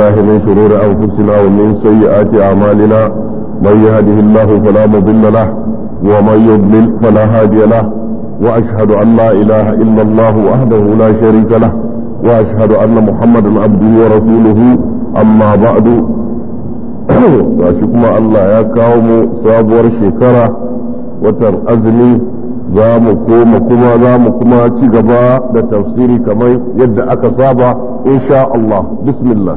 بالله من شرور أنفسنا ومن سيئات أعمالنا من يهده الله فلا مضل له ومن يضلل فلا هادي له وأشهد أن لا إله إلا الله وحده لا شريك له وأشهد أن محمدا عبده ورسوله أما بعد فأشكما الله يا كاوم sabuwar shekara watan azumi za mu koma kuma za mu kuma ci gaba da tafsiri kamar yadda aka saba insha Allah bismillah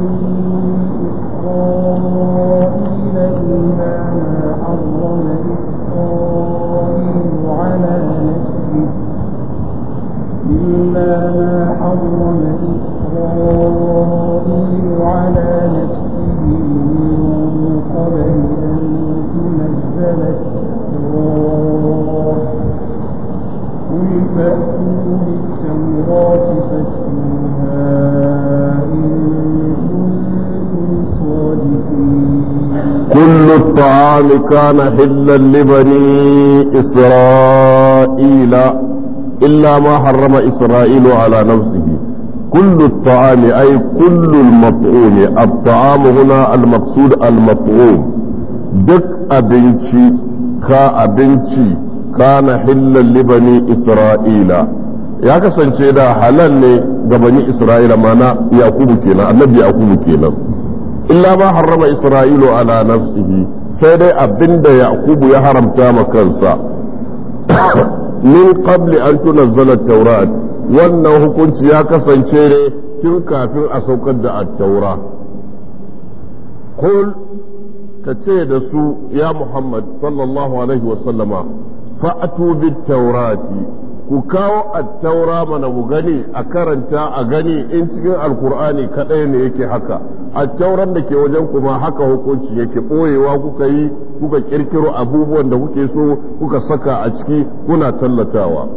إلا ما حرم إسرائيل على نفسه من قبل أن تنزل التوراة قل فأتوا بالتوراة فاتلوها إن كل الطعام كان حلا لبني إسرائيل إلا ما حرم إسرائيل على نفسه كل الطعام أي كل المطعوم الطعام هنا المقصود المطعوم دك أبنتي كا أبنتي كان حلا لبني إسرائيل ya kasance da halal ne ga bani isra'ila mana yakubu kenan annabi yakubu kenan illa ma harrama isra'ilu ala nafsihi sai dai abinda yakubu ya haramta ma kansa min qabli an tunazzala at-taurat wannan hukunci ya kasance ne tun kafin a saukar da at-taura qul ka ce da su ya muhammad sallallahu alaihi wa sallama fa'atu bit-taurati ku kawo at-taura mana mu gani a karanta a gani in cikin al alkur'ani kadai ne yake haka a kyauran da ke wajen ku ma haka hukunci yake ɓoyewa kuka yi kuka kirkiro abubuwan da kuke so kuka saka a ciki kuna tallatawa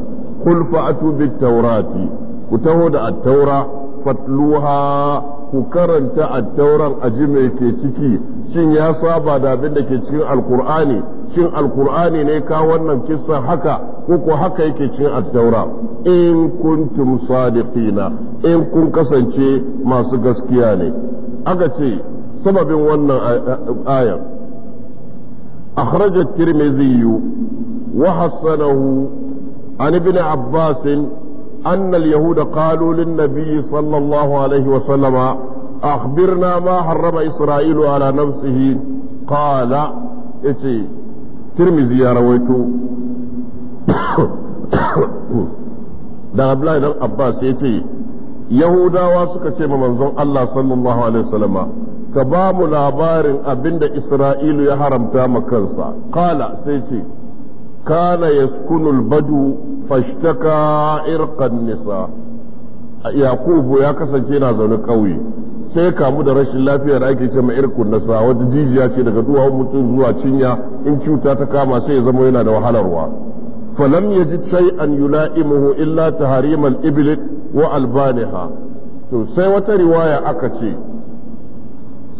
kul fa'atu bit taurati ku taho da at-taura fatluha ku karanta at-tauran aji mai ke ciki shin ya saba da abin da ke cikin alkur'ani shin alkur'ani ne ka wannan kissa haka ko ko haka yake cikin attaura in kuntum sadiqina in kun kasance masu gaskiya ne aka ce sababin wannan ayar akhrajat tirmidhi wa hasanahu an ibn abbas أن اليهود قالوا للنبي صلى الله عليه وسلم أخبرنا ما حرم إسرائيل على نفسه قال إتي ترمزي يا رويتو da Abdullahi dan Abbas ya ce yahudawa suka ce ma manzon Allah sallallahu alaihi wasallama ka ba mu labarin abinda isra'ilu ya haramta ma kansa kala sai ce kana yaskunul badu fashtaka irqan nisa yakubu ya kasance na zaune ƙauye sai kamu da rashin lafiya da ake ce ma irkun nasa wata jijiya ce daga duwawun mutum zuwa cinya in cuta ta kama sai ya zama yana da wahalarwa falam yajid shay'an yula'imuhu illa tahrimal iblis wa albaniha to sai wata riwaya aka ce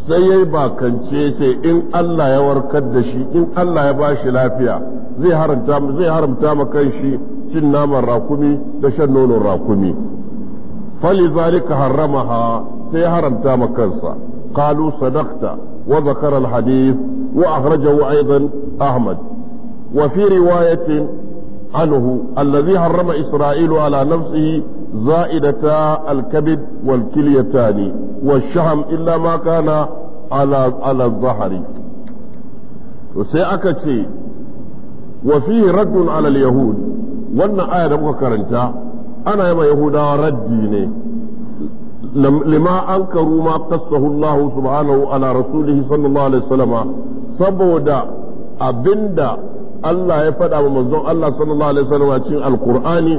sai yayi bakance sai in Allah ya warkar da shi in Allah ya ba shi lafiya zai haramta ma kan shi cin naman rakumi da shan nonon rakumi fali zalika haramaha sai haramta ma kansa kalu sadakta wa zakara al hadith wa akhrajahu aidan ahmad wa fi riwayatin anhu allazi harrama isra'ilu ala nafsihi زائدتا الكبد والكليتان والشحم إلا ما كان على على الظهر وسيأكتي وفيه رد على اليهود وأن آية مكرنتا أنا يا يهودا رديني لما أنكروا ما قصه الله سبحانه على رسوله صلى الله عليه وسلم saboda abinda Allah ya faɗa wa manzon Allah sallallahu alaihi wasallam cikin alkur'ani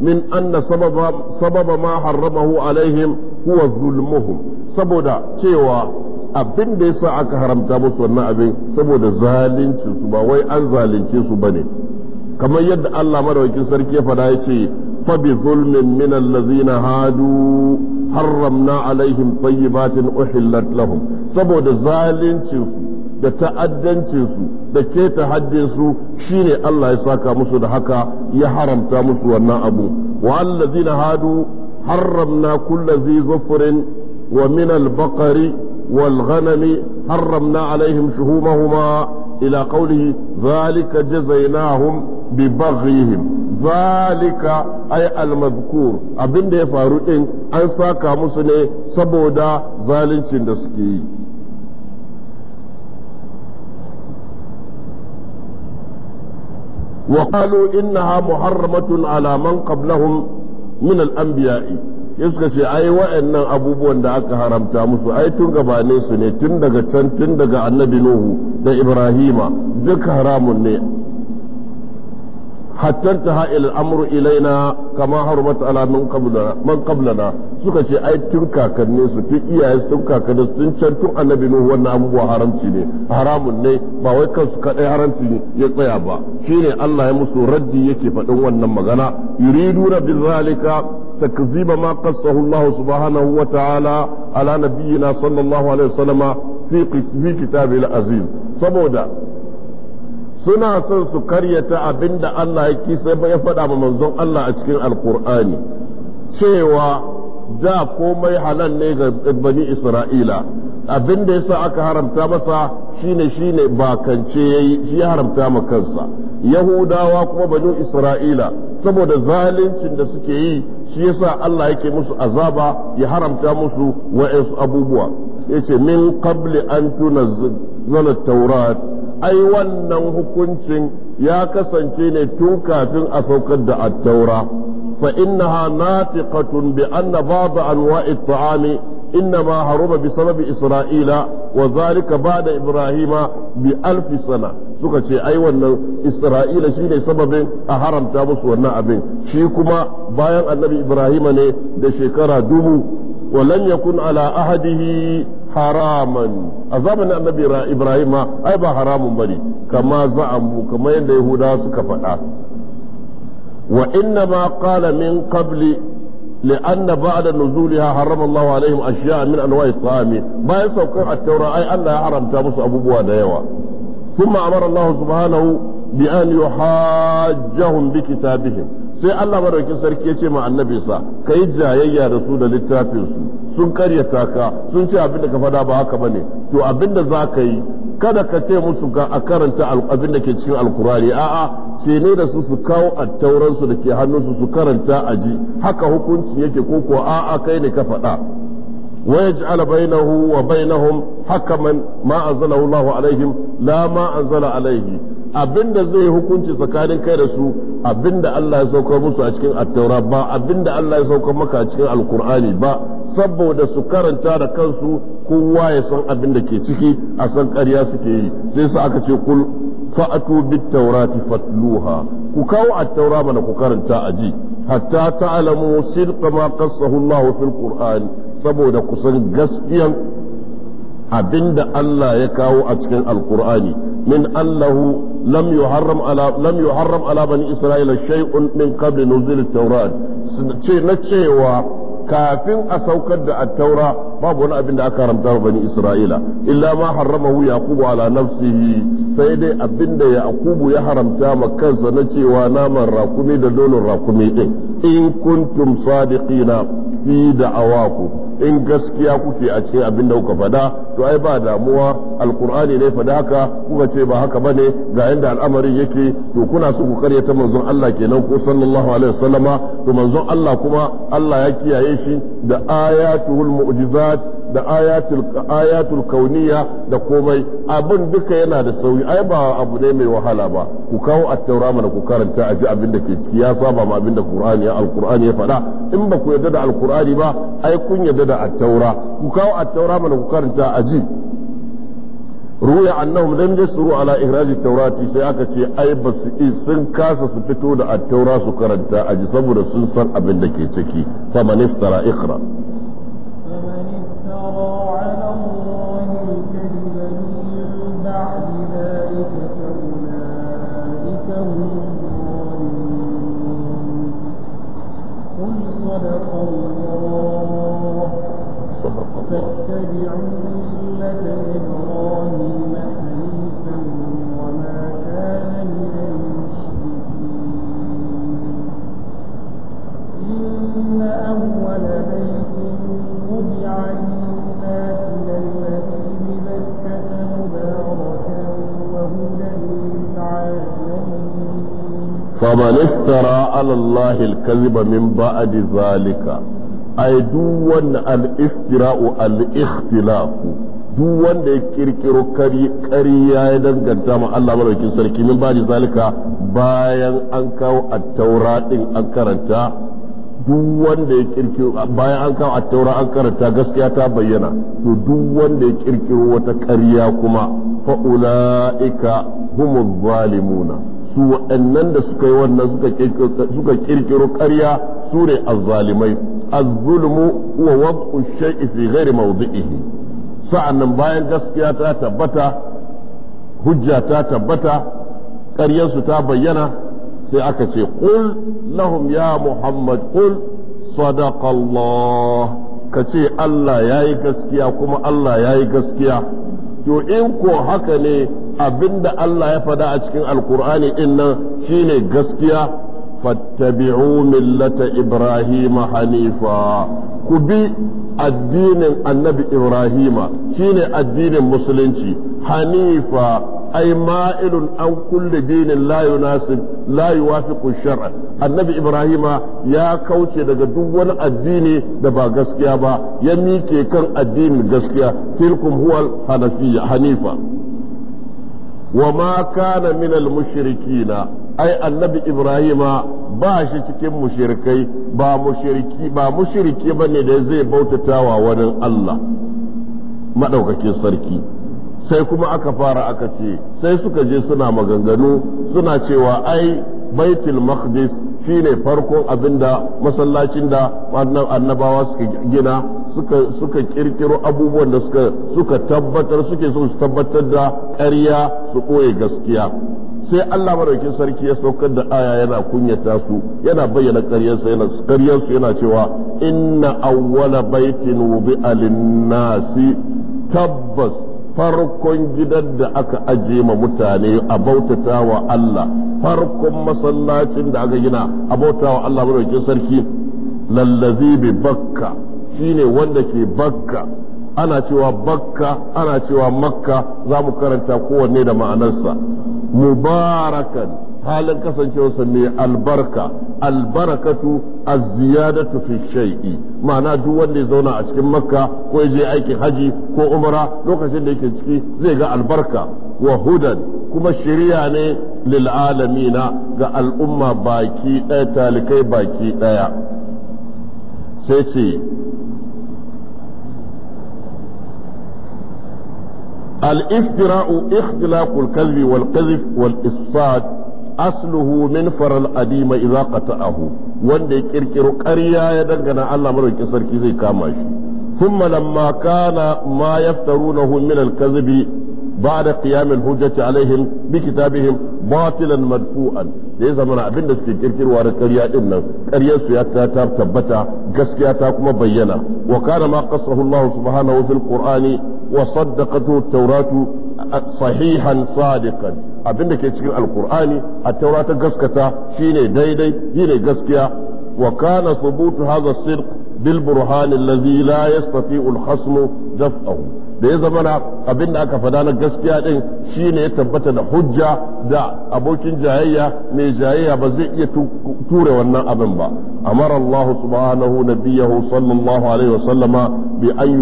min anna sababa ma harramahu alaihim huwa zulmuhum saboda cewa abin da yasa aka haramta musu wannan abin saboda zalincin su ba wai an zalunce su bane kamar yadda Allah madaukakin sarki ya fada yace fa bi zulmin min allazina hadu harramna alaihim tayyibatin uhillat lahum saboda zalincin su da ta'addancinsu da keta haddinsu shine Allah ya saka musu da haka ya haramta musu wannan abu wa allazina hadu harramna kulla zi zufrin wa min al wal ghanami harramna alaihim shuhumahuma ila qawlihi zalika jazainahum bi baghihim zalika ay al-madhkur abinda ya faru din an saka musu ne saboda zaluncin da suke yi وقالوا إنها محرمة على من قبلهم من الأنبياء ya suka ce ai wa'annan abubuwan da aka haramta musu ai tun gabane su ne tun daga can tun daga annabi nuhu da ibrahima duk haramun ne hatta ta ila amru ilaina kama harbat ala min qablana man qablana suka ce ai tun kakanni su tun iyaye su tun kakanni su tun can tun annabi nuhu wannan abubuwa haramci ne haramun ne ba wai kansu kadai haramci ne ya tsaya ba shine Allah ya musu raddi yake fadin wannan magana yuriduna bizalika takziba ma qassahu Allah subhanahu wa ta'ala ala nabiyina sallallahu alaihi wasallama fi kitabil aziz saboda suna son su karyata abin da Allah ya ya faɗa ma manzon Allah a cikin alkur'ani cewa da komai halal ne ga bani isra'ila abin da yasa aka haramta masa shine shine bakance yayi shi haramta ma kansa yahudawa kuma bani isra'ila saboda zaluncin da suke yi shi yasa Allah yake musu azaba ya haramta musu wa'ansu abubuwa yace min qabli an tunazzala taurat ai wannan hukuncin ya kasance ne tun kafin a saukar da attaura fa innaha natiqatun bi anna ba'da anwa'i at-ta'ami sababi isra'ila wa zalika ba'da Ibrahima bi alf sana suka ce ai wannan Isra'ila shine sababin a haramta musu wannan abin shi kuma bayan annabi Ibrahima ne da shekara dubu walam yakun ala ahadihi haraman a zamanin annabi ibrahim ma ai ba haramun bane kama za'amu kamar yadda yahuda suka faɗa wa inna ma qala min qabli لأن بعد نزولها حرم الله عليهم أشياء من أنواع الطعام ما يسوق التوراة أي أنها حرمت مس أبو بوادايوا ثم أمر الله سبحانه بأن يحاجهم بكتابهم sai Allah barauki sarki ya ce ma sa kai jayayya da su da littafin su sun karyata ka sun ce abin da ka fada ba haka bane to abin da za ka yi kada ka ce musu ga a karanta abin da ke cikin alkurari a'a ce ne da su su kawo a tauransu da ke hannunsu su karanta a ji haka hukunci yake ko ko a'a kai ne ka faɗa ويجعل بينه وبينهم حكما ما أنزله الله عليهم لا ما أنزل عليه abinda zai hukunci tsakanin kai da su abinda Allah ya saukar musu a cikin attaura ba abinda Allah ya saukar maka a cikin alkur'ani ba saboda su karanta da kansu kowa ya san abin da ke ciki a san ƙarya suke yi sai sa aka ce kul fa'atu bit taurati fatluha ku kawo attaura mana ku karanta a ji hatta ta'lamu sirqa ma qassahu Allah fil qur'an saboda ku san gaskiyan Abin da Allah ya kawo a cikin alkur'ani min annahu lam yuharram ala lam ala bani isra'ila shay'un min qabli nuzul at-taurat ce na cewa kafin a saukar da at-taura babu wani abin da aka haramta wa bani isra'ila illa ma harramahu yaqubu ala nafsihi sai dai abin da yaqubu ya haramta ma kansa na cewa naman rakumi da dolon rakumi din in kuntum sadiqina fi da'awakum in gaskiya kuke a cikin abin da kuka faɗa to ai ba damuwa alkur'ani ne faɗa haka kuka ce ba haka bane ga yanda al'amarin yake to kuna so ku ta manzon Allah kenan ko sallallahu alaihi wasallama to manzon Allah kuma Allah ya kiyaye shi da ayatul mu'jizat da ayatul kauniya da komai abin duka yana da sauyi ai ba abu ne mai wahala ba ku kawo taura mana ku karanta a ji abin da ke ciki ya saba ma abin da qur'ani ya alqur'ani ya faɗa in ba ku yarda da alqur'ani ba ai kun yarda da taura ku kawo taura mana ku karanta a ji ruya annahum lam yasru ala ihraji taurati sai aka ce ai ba su sun kasa su fito da taura su karanta a ji saboda sun san abin da ke ciki fa man iftara ikra faman istara ala Allah al-kadhiba min ba'di zalika ai duk wannan al-istira'u al-ikhtilafu duk wanda ya kirkiro ƙarya ya danganta ma Allah madaukin sarki min ba'di zalika bayan an kawo at-taura din an karanta gaskiya ta bayyana to duk wanda ya kirkiro wata ƙarya kuma fa'ulaika ulaika zalimuna su waɗannan da suka yi wannan suka kirkiro ƙarya su ne azzalimai azzulmu wa wad'u shay'i fi ghairi mawdi'ihi sa'annan bayan gaskiya ta tabbata hujja ta tabbata ƙaryarsu ta bayyana sai aka ce kul lahum ya muhammad qul sadaqallah ka ce Allah yayi gaskiya kuma Allah yayi gaskiya to in ko haka ne abinda Allah ya fada a cikin alkur'ani din nan shine gaskiya fattabi'u millata ibrahima hanifa ku bi addinin annabi ibrahima shine addinin musulunci hanifa ai ma'ilun an kulle dinin layu nasib layu wafi shar'a annabi ibrahima ya kauce daga duk wani addini da ba gaskiya ba ya mike kan addinin gaskiya tilkum huwal hanafiya hanifa wa ma kana min al-mushrikina ai annabi ibrahima ba shi cikin mushrikai ba mushriki ba mushriki bane da zai bautatawa wani Allah Maɗaukakin sarki sai kuma aka fara aka ce sai suka je suna maganganu suna cewa ai baitul maqdis shine farkon abinda masallacin da wannan annabawa suka gina suka suka kirkiro abubuwan da suka suka tabbatar suke so su tabbatar da ƙarya su koye gaskiya sai Allah madaukin sarki ya saukar da aya yana kunyata su yana bayyana ƙaryarsa yana ƙaryarsu yana cewa inna awwala baitin wubi'a lin-nasi tabbas farkon gidan da aka aje ma mutane a bautata wa Allah farkon masallacin da aka gina a bautata wa Allah madaukakin sarki lallazi bi bakka shine wanda ke bakka ana cewa bakka ana cewa makka zamu mu karanta kowanne da ma'anarsa mubarakan halin kasancewarsa mai albarka albarakatu az-ziyadatu fi shay'i ma'ana duk wanda ya zauna a cikin makka ko ya je aikin haji ko umara lokacin da yake ciki zai ga albarka wa hudan kuma shiriya ne lil alamina ga al'umma baki ɗaya talikai baki ɗaya sai ce الافطراء wal الكذب والقذف asluhu min faral adima idza qata'ahu wanda ya kirkiro ƙarya ya dangana Allah madauki sarki zai kama shi thumma lamma kana ma yaftarunahu min al-kadhibi ba'da qiyam al-hujjati alaihim bi kitabihim batilan madfu'an da ya zama abinda suke kirkirwa da ƙarya din nan ya ta tabbata gaskiya ta kuma bayyana wa kana ma qassahu Allah subhanahu fil qur'ani wa saddaqatu at-tauratu sahihan sadiqan abin da ke cikin alkur'ani a taura ta gaskata shine daidai shine gaskiya wa kana subutu hadha sidq bil burhan allazi la yastati'u al daf'ahu da ya zama abin da aka fada na gaskiya din shine ya tabbata da hujja da abokin jayayya mai jayayya ba zai iya ture wannan abin ba amara Allah subhanahu nabiyahu sallallahu alaihi sallama bi an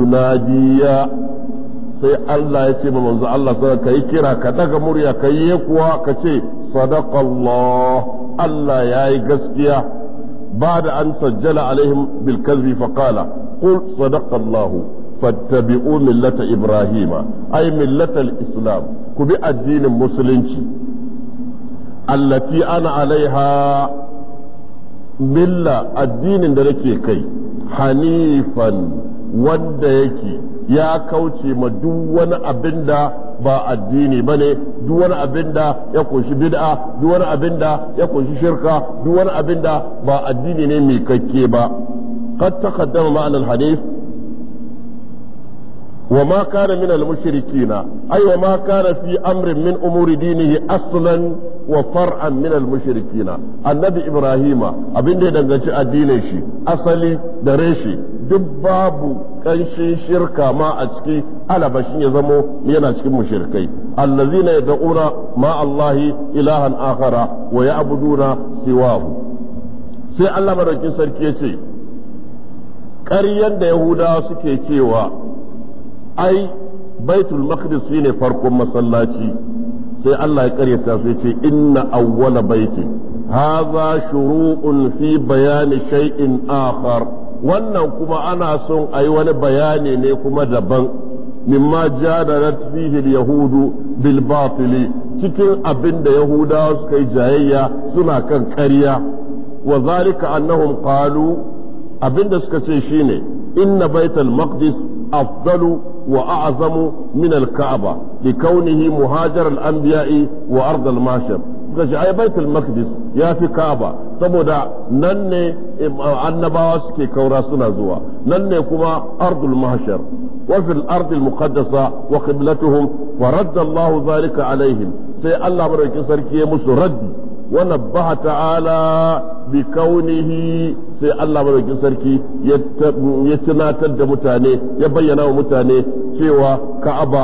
sai Allah ya ce ma manzo Allah sai kayi kira ka ɗaga murya kai ye kuwa ka ce sadaqallah Allah yayi gaskiya ba'da an sajjala alaihim bil kadhbi fa qala qul sadaqallah fattabi'u millata ibrahima ai millata islam ku bi addinin musulunci allati ana alaiha milla addinin da nake kai hanifan wanda yake ya kauce ma duk wani abin da ba addini ba ne duk wani abin da ya kunshi bid'a duk wani abin da ya kunshi shirka duk wani abin da ba addini ne mai kakke ba قد تقدم معنى الحديث wa ma kana min al-mushrikiina wa maka kana fi amrin min umuri dinihi aslan wa far'an min al annabi ibrahima abin da danganci addinin shi asali da reshe duk babu kanshin shirka ma a ciki ala bashin ya zamo yana cikin mushrikai allazeena yad'una ma allah ilahan akhara wa ya'buduna siwahu sai allah madaukin sarki yace ƙaryan da yahudawa suke cewa ai baitul maqdis shine farkon masallaci sai Allah ya karyata su yace inna awwala baiti hadha shuru'un fi bayani shay'in akhar wannan kuma ana son ayi wani bayani ne kuma daban mimma jadarat fihi yahudu bil batili cikin abin da yahudawa suka yi jayayya suna kan ƙarya wa zalika annahum qalu abin da suka ce shine inna baitul maqdis afdalu وأعظم من الكعبة لكونه مهاجر الأنبياء وأرض المعشر suka ce ai baitul ya fi kaaba saboda nan ne annabawa suke kaura suna zuwa nan ne kuma ardul mahshar wa fil ardil muqaddasa wa qiblatuhum wa radda Allah zalika alaihim sai Allah madaukakin sarki ya musu raddi wa nabbaha ta'ala bi kaunihi sai Allah madaukakin sarki ya tunatar da mutane ya bayyana wa mutane cewa ka'aba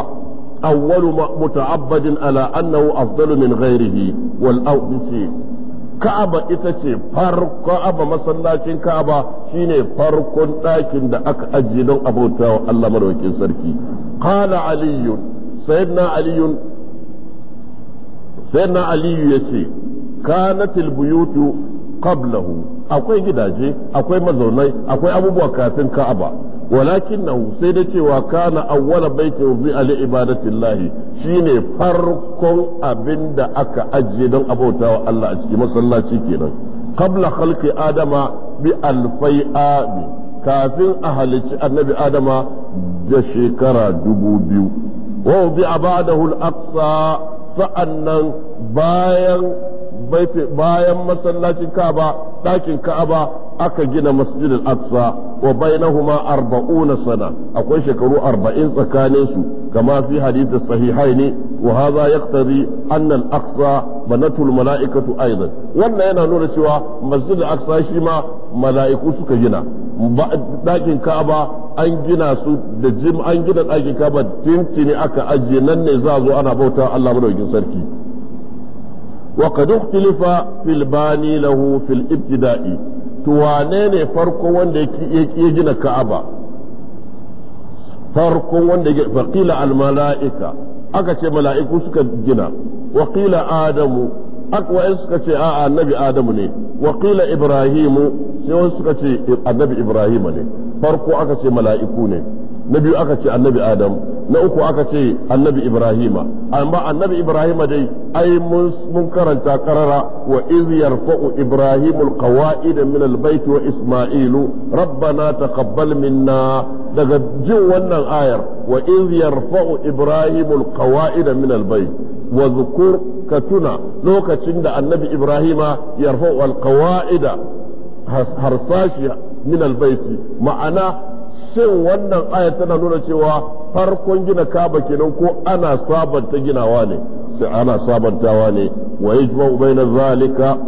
awwalu muta'abbadin ala annahu afdalu min ghairihi wal awdishi Ka'aba ita ce farko Ka'aba masallacin Ka'aba shine farkon ɗakin da aka ajiye don abota wa Allah madaukakin sarki. Qala Aliyun, sayyidina Aliyun, Aliyu ya ce, kanatil buyutu kablahu akwai gidaje akwai mazaunai akwai abubuwa kafin ka'aba walakinahu sai da cewa kana awwala baiti bi ali ibadatillahi shine farkon abinda aka ajiye don wa Allah a cikin masallaci kenan qabla khalqi adama bi alfai ami kafin a halicci annabi adama da shekara dubu biyu wa bi abadahu al-aqsa sa'annan bayan bayan masallacin Ka'aba ɗakin Ka'aba aka gina masjid al-aqsa wa bainahuma arba'una sana akwai shekaru arba'in tsakanin su kama fi hadith sahihaini wa hadha yaqtadi anna al-aqsa banatul mala'ikatu aidan wannan yana nuna cewa masjid al-aqsa shi ma mala'iku suka gina ɗakin ka'aba an gina su da jim an gina ɗakin ka'aba tintini aka ajiye nan ne za zo ana bauta Allah madaukakin sarki wa qad ikhtalafa fil bani lahu fil ibtida'i to wane ne farko wanda ya gina ka'aba farkon wanda ya faqila al aka ce mala'iku suka gina wa adamu akwai suka ce a annabi adamu ne wa ibrahimu sai suka ce annabi ibrahima ne farko aka ce mala'iku ne na biyu aka ce annabi adam na uku aka ce annabi ibrahima amma annabi ibrahima dai ai mun karanta karara wa iz yarfa'u min albayt wa isma'ilu rabbana taqabbal minna daga jin wannan ayar wa iz yarfa'u ibrahimul min albayt wa zukur katuna lokacin da annabi ibrahima yarfa'u alqawa'ida harsashi min albayti ma'ana shin wannan aya tana nuna cewa farkon gina kaba kenan ko ana sabanta ginawa ne sai ana sabantawa ne wa yajma'u baina zalika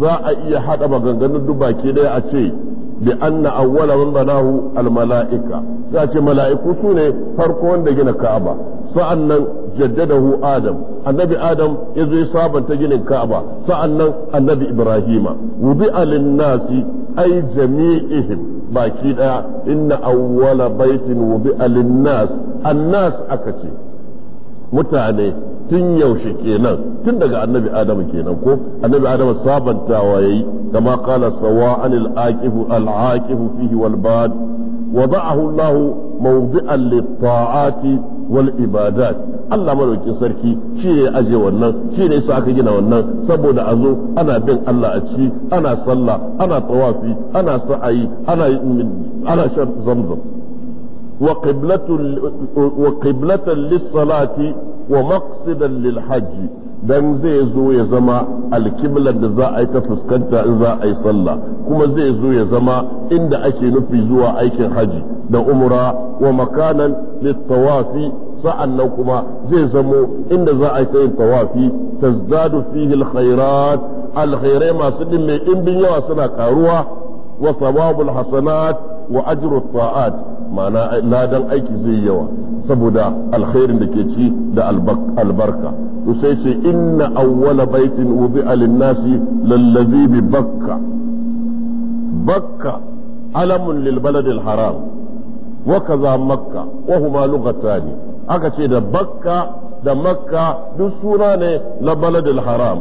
za a iya hada maganganun duk baki daya a ce bi anna awwala man banahu al mala'ika za a ce mala'iku sune farko da gina ka'aba sa'annan Jaddada hu, adam annabi adam ya zo ya sabanta ginin ka'aba sa'an nan annabi ibrahima Wubi lin-nasi ay jami'ihim baki ɗaya. inna awwala baitin wudi'a lin-nas annas aka ce mutane tun yaushe kenan tun daga annabi adam kenan ko annabi adam sabantawa yayi da qala sawa'an al-aqifu al-aqifu fihi wal وضعه الله موضعا للطاعات والعبادات الله مالو يكي سركي شيني أجي ونن شيني ساكي جينا ونن سبونا أزو أنا بين الله أتشي أنا صلى أنا طوافي أنا سعي أنا من أنا شر زمزم وقبلة وقبلة للصلاة ومقصدا للحج dan zai zo ya zama alkiblar da za a yi ta fuskanta in za a yi sallah kuma zai zo ya zama inda ake nufi zuwa aikin haji da umra wa makanan littawafi sa'annan kuma zai zamo inda za a yi ta yin tawafi tazdadu fihi alkhairat alkhairai masu dimme in yawa suna karuwa wa sababul hasanat wa ajru ta'at ma'ana ladan aiki zai yawa saboda alkhairin da ke ci da albarka to sai ce inna awwala baitin wudi'a lin-nasi lallazi bi bakka bakka alamun lil baladil haram wa kaza makka wa huma lughatani aka ce da bakka da makka duk suna ne na baladil haram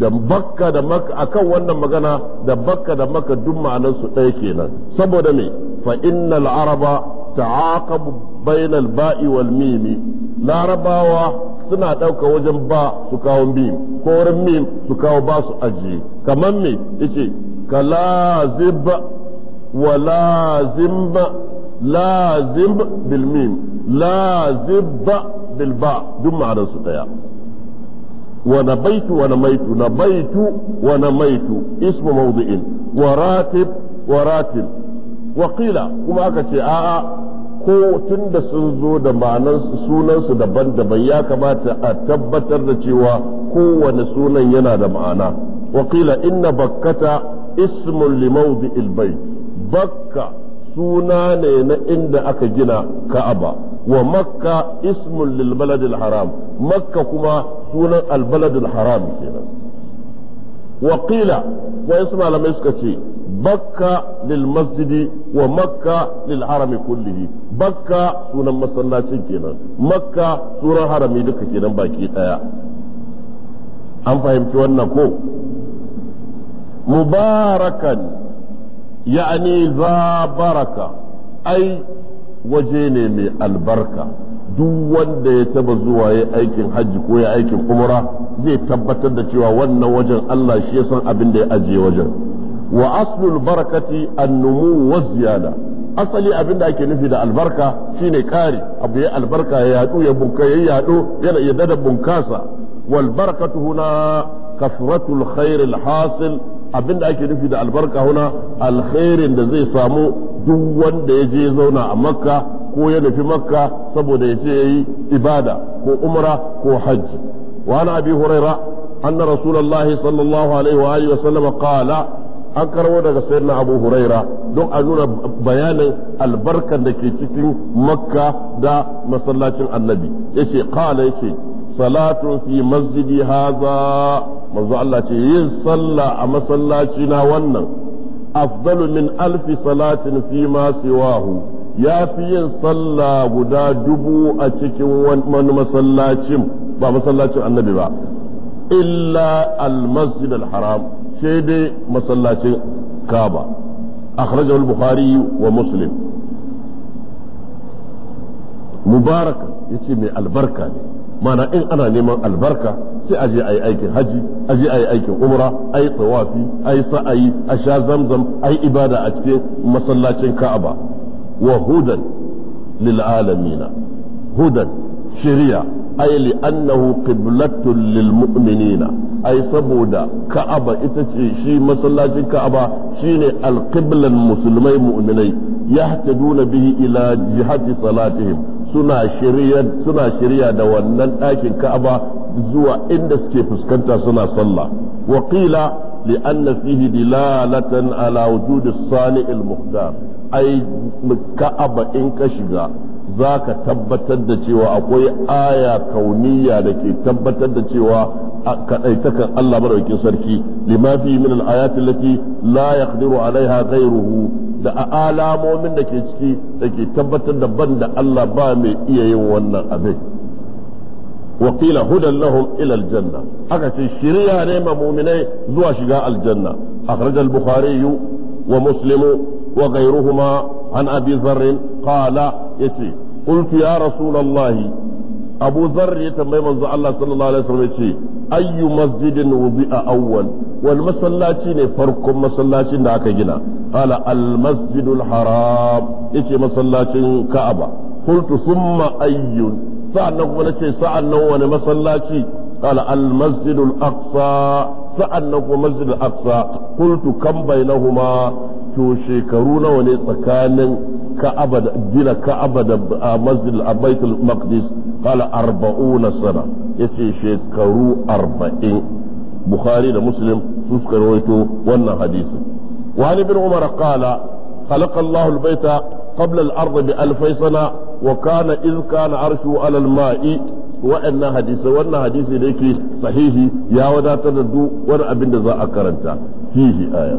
da bakka da makka akan wannan magana da bakka da makka duk ma'anarsu ɗaya kenan saboda me فإن العرب تعاقب بين الباء والميم لا رباوة suna ɗauka wajen ba su kawo mim ko wurin mim su kawo ba su ajiye kamar me yace ka lazib wa lazim lazim bil mim lazib bil ba duk ma'anar su daya wa nabaitu wa namaitu nabaitu wa namaitu ismu mawdi'in wa ratib wa ratib wakila kuma aka ce a'a ko tun da sun zo da ma'anar sunansu daban-daban ya kamata a tabbatar da cewa kowane sunan yana da ma'ana wakila inna bakkata ismun limaudi ilbai bakka suna ne na inda aka gina ka'aba wa makka ismun lilbaladil haram makka kuma sunan albaladil haram kenan wa qila wa yasma la suka ce bakka lil masjidi wa makka lil harami kullihi bakka sunan masallacin kenan makka sura harami duka kenan baki ɗaya, an fahimci wannan ko mubarakan ya'ni za baraka ai waje ne mai albarka duk wanda ya taba zuwa ya aikin hajji ko ya aikin umra zai tabbatar da cewa wannan wajen Allah shi ya san abin da ya ajiye wajen wa aslul barakati annumu wa ziyada asali abin da ake nufi da albarka shine kare abu ya albarka ya yadu ya bunka ya yana ya dada bunkasa wal barakatu huna kasratul khairil hasil abin da ake nufi da albarka huna alkhairin da zai samu duk wanda ya je zauna a makka ko ya nufi makka saboda ya ce yayi ibada ko umra ko hajji wa ana abi huraira anna rasulullahi sallallahu alaihi wa alihi wa sallam qala an karbo daga sayyidina abu huraira don a nuna bayanin albarkar da ke cikin makka da masallacin annabi yace qala yace salatun fi masjidi haza manzo Allah ce yin sallah a masallaci na wannan afdalu min alfi salatin fi ma siwahu ya fi yin sallah guda dubu a cikin wani masallacin ba masallacin annabi ba illa al-masjid al-haram sai dai masallacin kaba akhrajahu al-bukhari wa muslim mubarak yace mai albarka ne mana in ana neman albarka sai aje je a yi aikin haji aje a yi aikin umra a yi tsawafi a yi sa'ayi a sha zamzam a yi ibada a cikin masallacin ka'aba wa hudan lil hudan shari'a ay li annahu qiblatul lil mu'minina ai saboda ka'aba ita ce shi masallacin ka'aba shine alqiblan musulmai mu'minai yahtaduna bihi ila jihati salatihim suna shirya suna shirya da wannan ɗakin ka'aba zuwa inda suke fuskanta suna sallah wa qila li anna fihi dilalatan ala wujudi sani al ai ka'aba in ka shiga za ka tabbatar da cewa akwai aya kauniya da ke tabbatar da cewa kaɗaitakan Allah maraukin sarki lima fi min al'ayatin lati la yaqdiru alaiha ghairuhu da alamomin da ke ciki da ke tabbatar da ban da Allah ba mai iya yin wannan abin wakila hudan lahum ila aljanna aka ce shirya ne ma muminai zuwa shiga aljanna akhrajal bukhari wa muslimu وغيرهما عن أبي ذر قال يتي قلت يا رسول الله أبو ذر يتمي منذ الله صلى الله عليه وسلم يتي أي مسجد وضع أول والمسلاتين فرق مسلاتين دعك جنا قال المسجد الحرام يتي مسلاتين كعبة قلت ثم أي sa'annan kuma nace sa'annan wani masallaci qala al masjid al aqsa sa'annan kuma masjid al aqsa qultu kam bainahuma to shekaru nawa ne tsakanin ka'aba gina ka'aba da masjid al-baitul maqdis qala 40 sana yace shekaru arba'in bukhari da muslim su suka rawaito wannan hadisi wa ali bin umar qala khalaqa allah al-baita qabla al-ard bi alf sana wa kana iz kana arshu ala al-ma'i wa'annan hadisi wannan hadisi da yake sahihi ya wadatar da duk wani abin da za a karanta fihi aya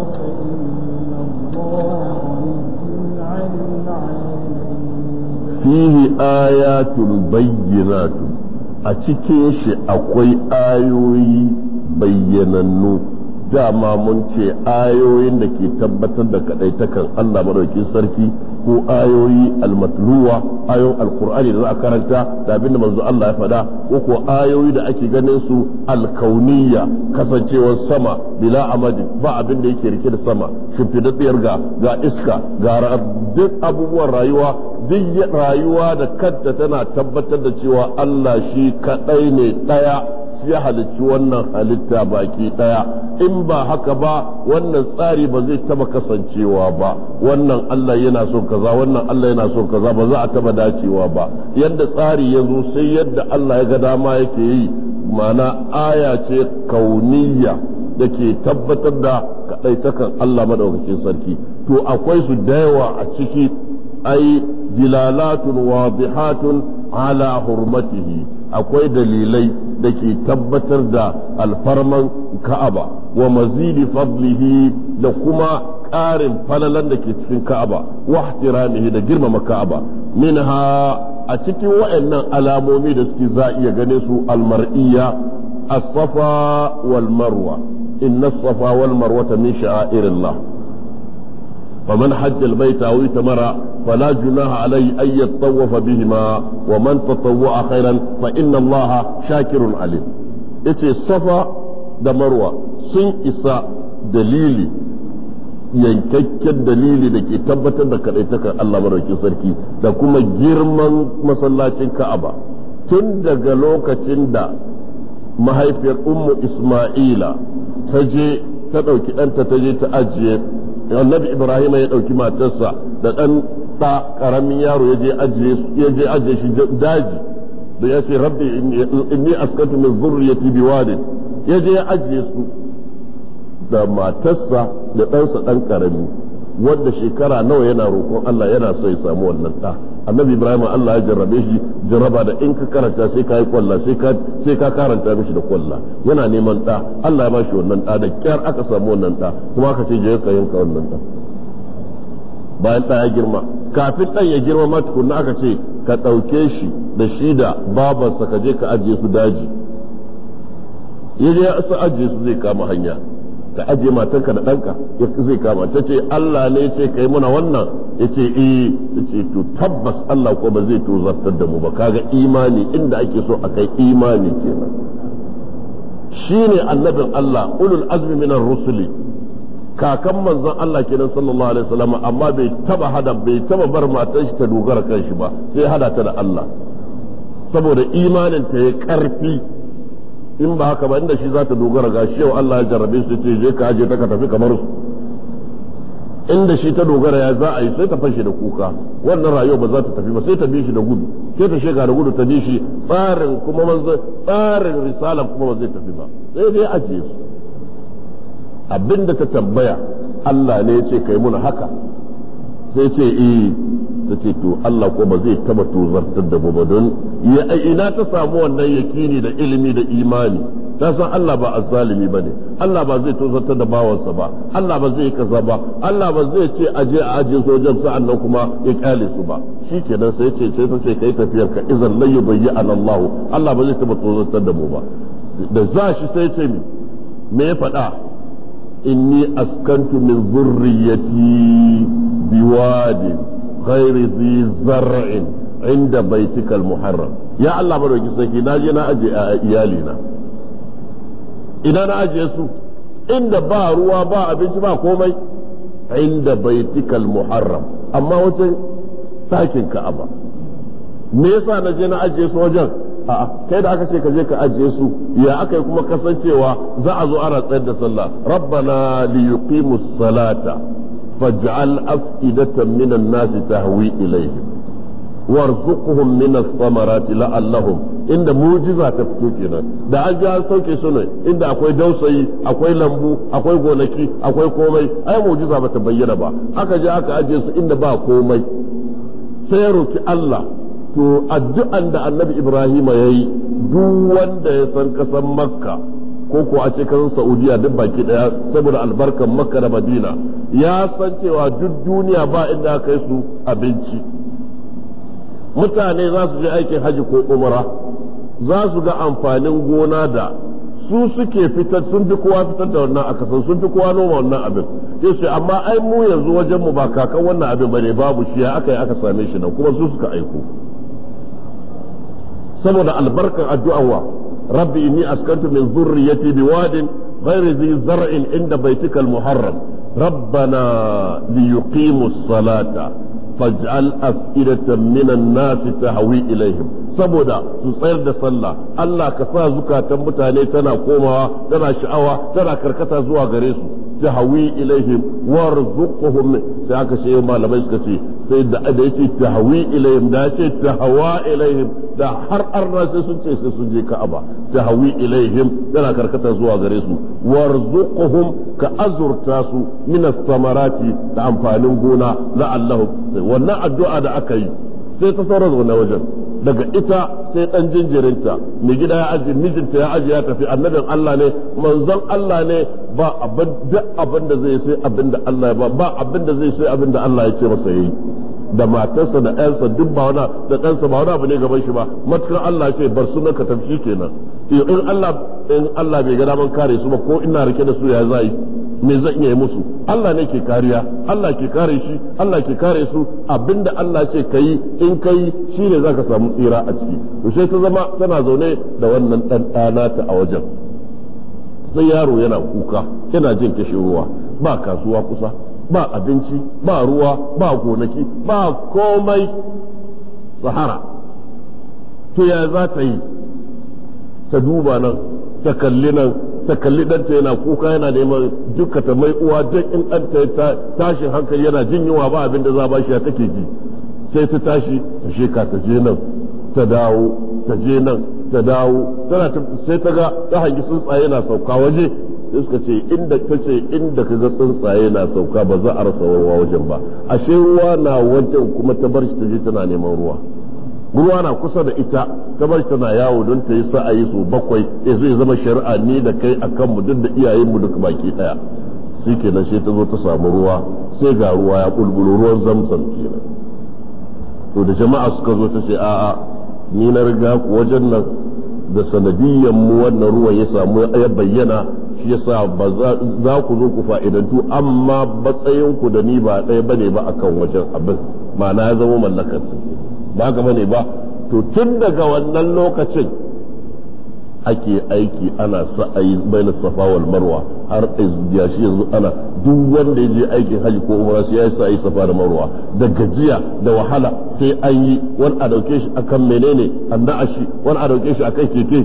ayatun bayyanatu a cikin shi akwai ayoyi bayyanannu dama mun ce ayoyin da ke tabbatar da kadaitakan Allah madaukin sarki ko ayoyi almatluwa ayoyin alkur'ani da za a karanta da abinda manzo Allah ya faɗa ko ayoyi da ake ganin su alkauniyya kasancewar sama bila amadi ba abin da yake rike da sama shimfidaddiyar ga ga iska ga duk abubuwan rayuwa duk rayuwa da kanta tana tabbatar da cewa Allah shi kadai ne daya ya halicci wannan halitta baki ɗaya in ba haka ba wannan tsari ba zai taba kasancewa ba wannan Allah yana so kaza wannan Allah yana so kaza ba za a taba dacewa ba yadda tsari ya zo sai yadda Allah ya ga dama yake yi mana aya ce kauniyya da ke tabbatar da kaɗaitakan Allah maɗaukakin sarki to akwai su da yawa a ciki ai dilalatun wadihatun ala hurmatihi akwai dalilai da ke tabbatar da alfarman ka'aba wa mazidi fadlihi da kuma ƙarin falalan da ke cikin ka'aba wa ihtiramihi da girmama ka'aba minha a cikin wa'annan alamomi da suke za iya gane su almar'iyya as-safa wal marwa inna as-safa wal marwa min sha'airillah فمن حج البيت أو اتمر فلا جناح عليه أن يتطوف بهما ومن تطوع خيرا فإن الله شاكر عليم إتي صفا da marwa sun isa dalili yankakken dalili da ke tabbatar da kaɗaitakar Allah maraukin sarki da kuma girman masallacin ka'aba tun daga lokacin da mahaifiyar ummu isma'ila ta je ta ɗauki ɗanta ta je ta ajiye annabi ibrahim ya dauki matarsa da dan ta karamin yaro ya je ajiye ya shi daji da ya ce rabbi inni askatu min zurriyati biwadin ya je ya ajiye su da matarsa da ɗansa dan karami wanda shekara nawa yana roƙon Allah yana so ya samu wannan ɗa annabi ibrahim Allah ya jarrabe shi jarraba da in ka karanta sai ka yi kwalla sai ka sai ka karanta mishi da kwalla yana neman da Allah ya bashi wannan da da kyar aka samu wannan da kuma aka ce je ka yanka wannan da bayan da ya girma kafin ɗan ya girma ma tukunna aka ce ka ɗauke shi da shi da babansa ka je ka ajiye su daji yaje ya ajiye su zai kama hanya ka ajiye matarka da ɗanka ya zai kama ta ce Allah ne ce kai muna wannan ya ce eh ya ce to tabbas Allah ko ba zai tozartar da mu ba kaga imani inda ake so a kai imani kenan ne annabin Allah ulul azmi minar rusuli kakan manzon Allah kenan sallallahu alaihi wasallam amma bai taba hada bai taba bar matar shi ta dogara kan shi ba sai hada ta da Allah saboda imanin ta ya karfi in ba haka ba inda shi za ta dogara ga shi yau Allah ya jarrabe su ce je ka aje ka tafi kamar su inda shi ta dogara ya za a yi sai ta fashe da kuka wannan rayuwa ba za ta tafi ba sai ta bi shi da gudu sai ta shega da gudu ta bi shi tsarin kuma manzo tsarin risala kuma ba zai tafi ba sai dai ajiye su abinda ta tambaya Allah ne ya ce kai muna haka sai ce eh ta ce to Allah ko ba zai taba tozartar da ba don ya ina ta samu wannan yakini da ilimi da imani ta san Allah ba azzalimi ba ne Allah ba zai tozartar da bawansa ba Allah ba zai kaza ba Allah ba zai ce aje a aje sojan sa'an nan kuma ya kyale su ba shi kenan sai ce sai ta ce kai tafiyar ka izan lai yubayyi Allah Allah ba zai taba tozartar da mu ba da za shi sai ce me ya faɗa inni askantu min zurriyati biwadin ghairi zi zar'in inda baitikal muharram ya Allah madauki sarki na je na aje a iyali na ina na aje su inda ba ruwa ba abinci ba komai inda baitikal muharram amma wace takin ka'aba me yasa na je na aje su wajen a'a kai da aka ce ka je ka ajiye su ya aka yi kuma kasancewa za a zo ana tsayar da sallah rabbana li yuqimu salata faj'al af'idatan minan nasi tahwi ilayhi warzuqhum min as-samarati la'allahum inda mujiza ta fito kenan da an ji an sauke su ne inda akwai dausayi akwai lambu akwai gonaki akwai komai ai mujiza bata bayyana ba aka je aka ajiye su inda ba komai sai roki Allah to addu'an da annabi Ibrahim ya yi duk wanda ya san kasan makka ko ko a ce kasan saudiya duk baki daya saboda albarkan makka da madina ya san cewa duk duniya ba inda kai su abinci mutane za su je aikin haji ko umra za su ga amfanin gona da su suke fitar sun fi kowa fitar da wannan a kasan sun fi kowa noma wannan abin yace amma ai mu yanzu wajen mu ba kakan wannan abin bane babu shi ya aka yi aka same shi nan kuma su suka aiko saboda albarkar addu'ar wa rabbi inni askantu min zurriyati biwadin ghairi zi zar'in inda baitikal muharram rabbana liyuqimu salata faj'al af'idatan minan nasi tahwi ilaihim saboda su tsayar da sallah Allah ka sa zukatan mutane tana komawa tana sha'awa tana karkata zuwa gare su tahwi ilaihim warzuqhum sai aka ce malamai suka ce sai da da yace tahwi ilayhim da yace hawa ilayhim da har arna sai sun ce sai sun je ka'aba tahwi ilayhim yana karkata zuwa gare su warzuqhum ka azurta su min samarati da amfanin gona la'allahum wannan addu'a da aka yi sai ta saura zaune wajen daga ita sai ɗan jinjirinta mai gida ya aji mijinta ya aji ya tafi annabin Allah ne manzon Allah ne ba abin da zai sai abin da Allah ya ba ba abin da zai sai abin da Allah ya ce masa yi da matarsa da ɗansa duk ba wani da ɗansa ba wani abu ne gaban shi ba matukar Allah ce bar su ka tafi kenan in Allah in Allah bai ga daman kare su ba ko ina rike da su ya zai me zan iya yi musu Allah ne ke kariya Allah ke kare shi Allah ke kare su abinda Allah ce kai in kai ne zaka samu tsira a ciki to sai ta zama tana zaune da wannan dan ta a wajen sai yaro yana kuka yana jin kishin ruwa ba kasuwa kusa ba abinci ba ruwa ba gonaki ba komai sahara to ya za ta yi ta duba nan ta kalli nan ta kalli ɗanta yana kuka yana neman duka ta mai uwa duk in ɗanta ta tashin hankali yana jin yunwa ba abin da za ba shi ya take ji sai ta tashi ta sheka ta je nan ta dawo ta je nan ta dawo tana sai ta ga ta hangi tsuntsaye na sauka waje sai suka ce inda ta ce inda ka ga tsuntsaye na sauka ba za a rasa ruwa wajen ba ashe ruwa na wajen kuma ta bar ta je tana neman ruwa ruwa na kusa da ita ta bar tana yawo don ta yi sa'ayi su bakwai ya zai zama shari'a ni da kai a kanmu duk da mu duk baki daya shi kenan sai ta zo ta samu ruwa sai ga ruwa ya bulbulo ruwan zamzam kenan to da jama'a suka zo ta ce a'a ni na riga wajen nan da sanadiyyan mu wannan ruwan ya samu ya bayyana shi yasa ba za ku zo ku fa'idantu amma matsayin da ni ba ɗaya bane ba a kan wajen abin ma'ana ya zama mallakar su ba ga bane ba to tun daga wannan lokacin ake aiki ana sa'ayi bai safa wal marwa har ya shi yanzu ana duk wanda ya je aikin hajji ko umara sai ya sa'ayi safa da marwa da gajiya da wahala sai an yi wani a dauke shi akan menene a wani a dauke shi akan keke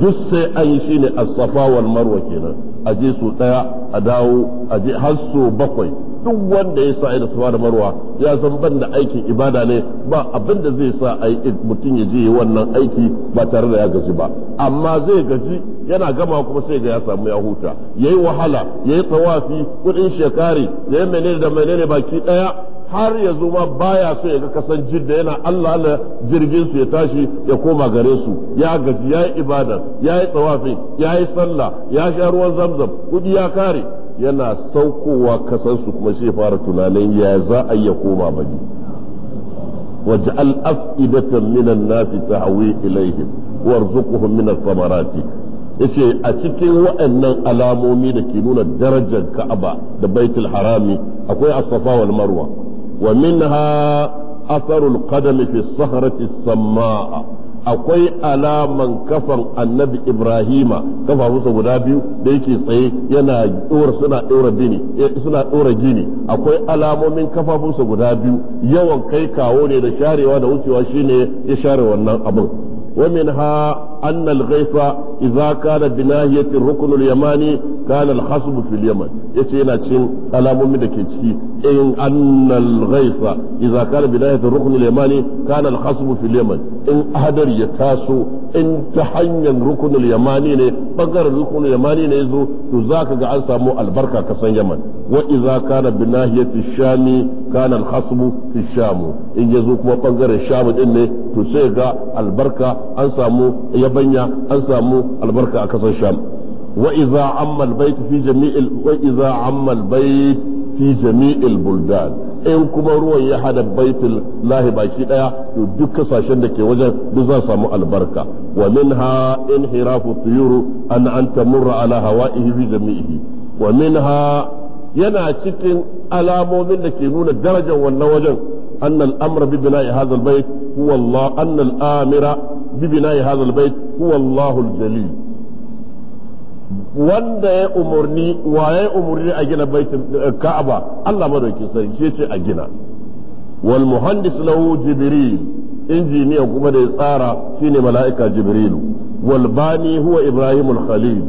duk sai an yi shine a safa wal marwa kenan a je su daya a dawo a je har so bakwai duk wanda ya sa da safa da marwa ya san ban da aikin ibada ne ba abin da zai sa ai mutum ya je wannan aiki ba tare da ya gaji ba amma zai gaji yana gama kuma sai ga ya samu ya huta yayi wahala yayi tawafi kudin shekari yayi menene da menene baki ɗaya. har ya zo ma baya so ya ga kasan da yana Allah Allah jirgin su ya tashi ya koma gare su ya gaji ya yi ibada ya yi tsawafi ya yi sallah ya sha ruwan zamzam kudi ya kare yana saukowa kasan su kuma shi fara tunanin ya za a ya koma bane waj'al af'idatan minan nasi ta tahwi ilaihim warzuquhum min samarati yace a cikin waɗannan alamomi da ke nuna darajar ka'aba da baitul harami akwai as-safa wal marwa ومنها أثر القدم في الصخرة السماء akwai alaman kafan annabi ibrahima kafa musa guda biyu da yake tsaye suna dora gini akwai alamomin kafafunsa guda biyu yawan kai kawo ne da sharewa da wucewa shine ya share wannan abin ومنها أن الغيث إذا كان بناهية الركن اليماني كان الحصب في اليمن يتينا تشين على ممدك إن أن الغيث إذا كان بناهية الركن اليماني كان الحصب في اليمن إن أهدر يتاسو إن تحين الركن اليماني بقر الركن اليماني نيزو تزاك جعل سامو البركة كسن يمن وإذا كان بناهية الشام كان الحصب في الشام إن يزوك وبقر الشام إني to sai ga albarka an samu yabanya an samu albarka a kasar sham wa iza amma albayt fi jami'il wa iza amma albayt fi jami'il buldan in kuma ruwan ya hada baitul lahi baki daya to duk kasashen da ke wajen duk za samu albarka wa minha inhirafu tuyuru an an tamurra ala hawa'ihi fi jami'ihi wa minha yana cikin alamomin da ke nuna darajar wannan wajen أن الأمر ببناء هذا البيت هو الله أن الآمر ببناء هذا البيت هو الله الجليل wanda ya umarni wa ya umarni a gina baitin ka'aba Allah madaukin sarki shi ce a gina wal muhandis lahu jibril injiniya kuma da ya tsara shine mala'ika jibril wal bani huwa ibrahimul khalil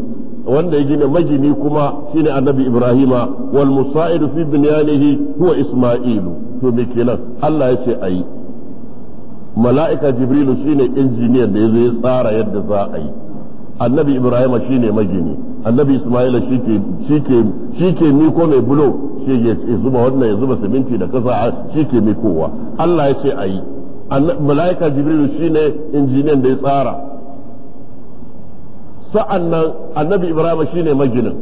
wanda ya gina magini kuma shine annabi ibrahima wal musa'id fi binyanihi huwa isma'ilu to me kenan Allah ya ce ayi mala'ika jibrilu shine injiniyar da yazo ya tsara yadda za a yi annabi ibrahima shine magini annabi isma'ila shike shike shike miko mai bulo shi ya zuba wannan ya zuba siminti da kasa shike kowa Allah ya ce ayi mala'ika jibrilu shine injiniyan da ya tsara sa'an nan annabi ibrahim shine maginin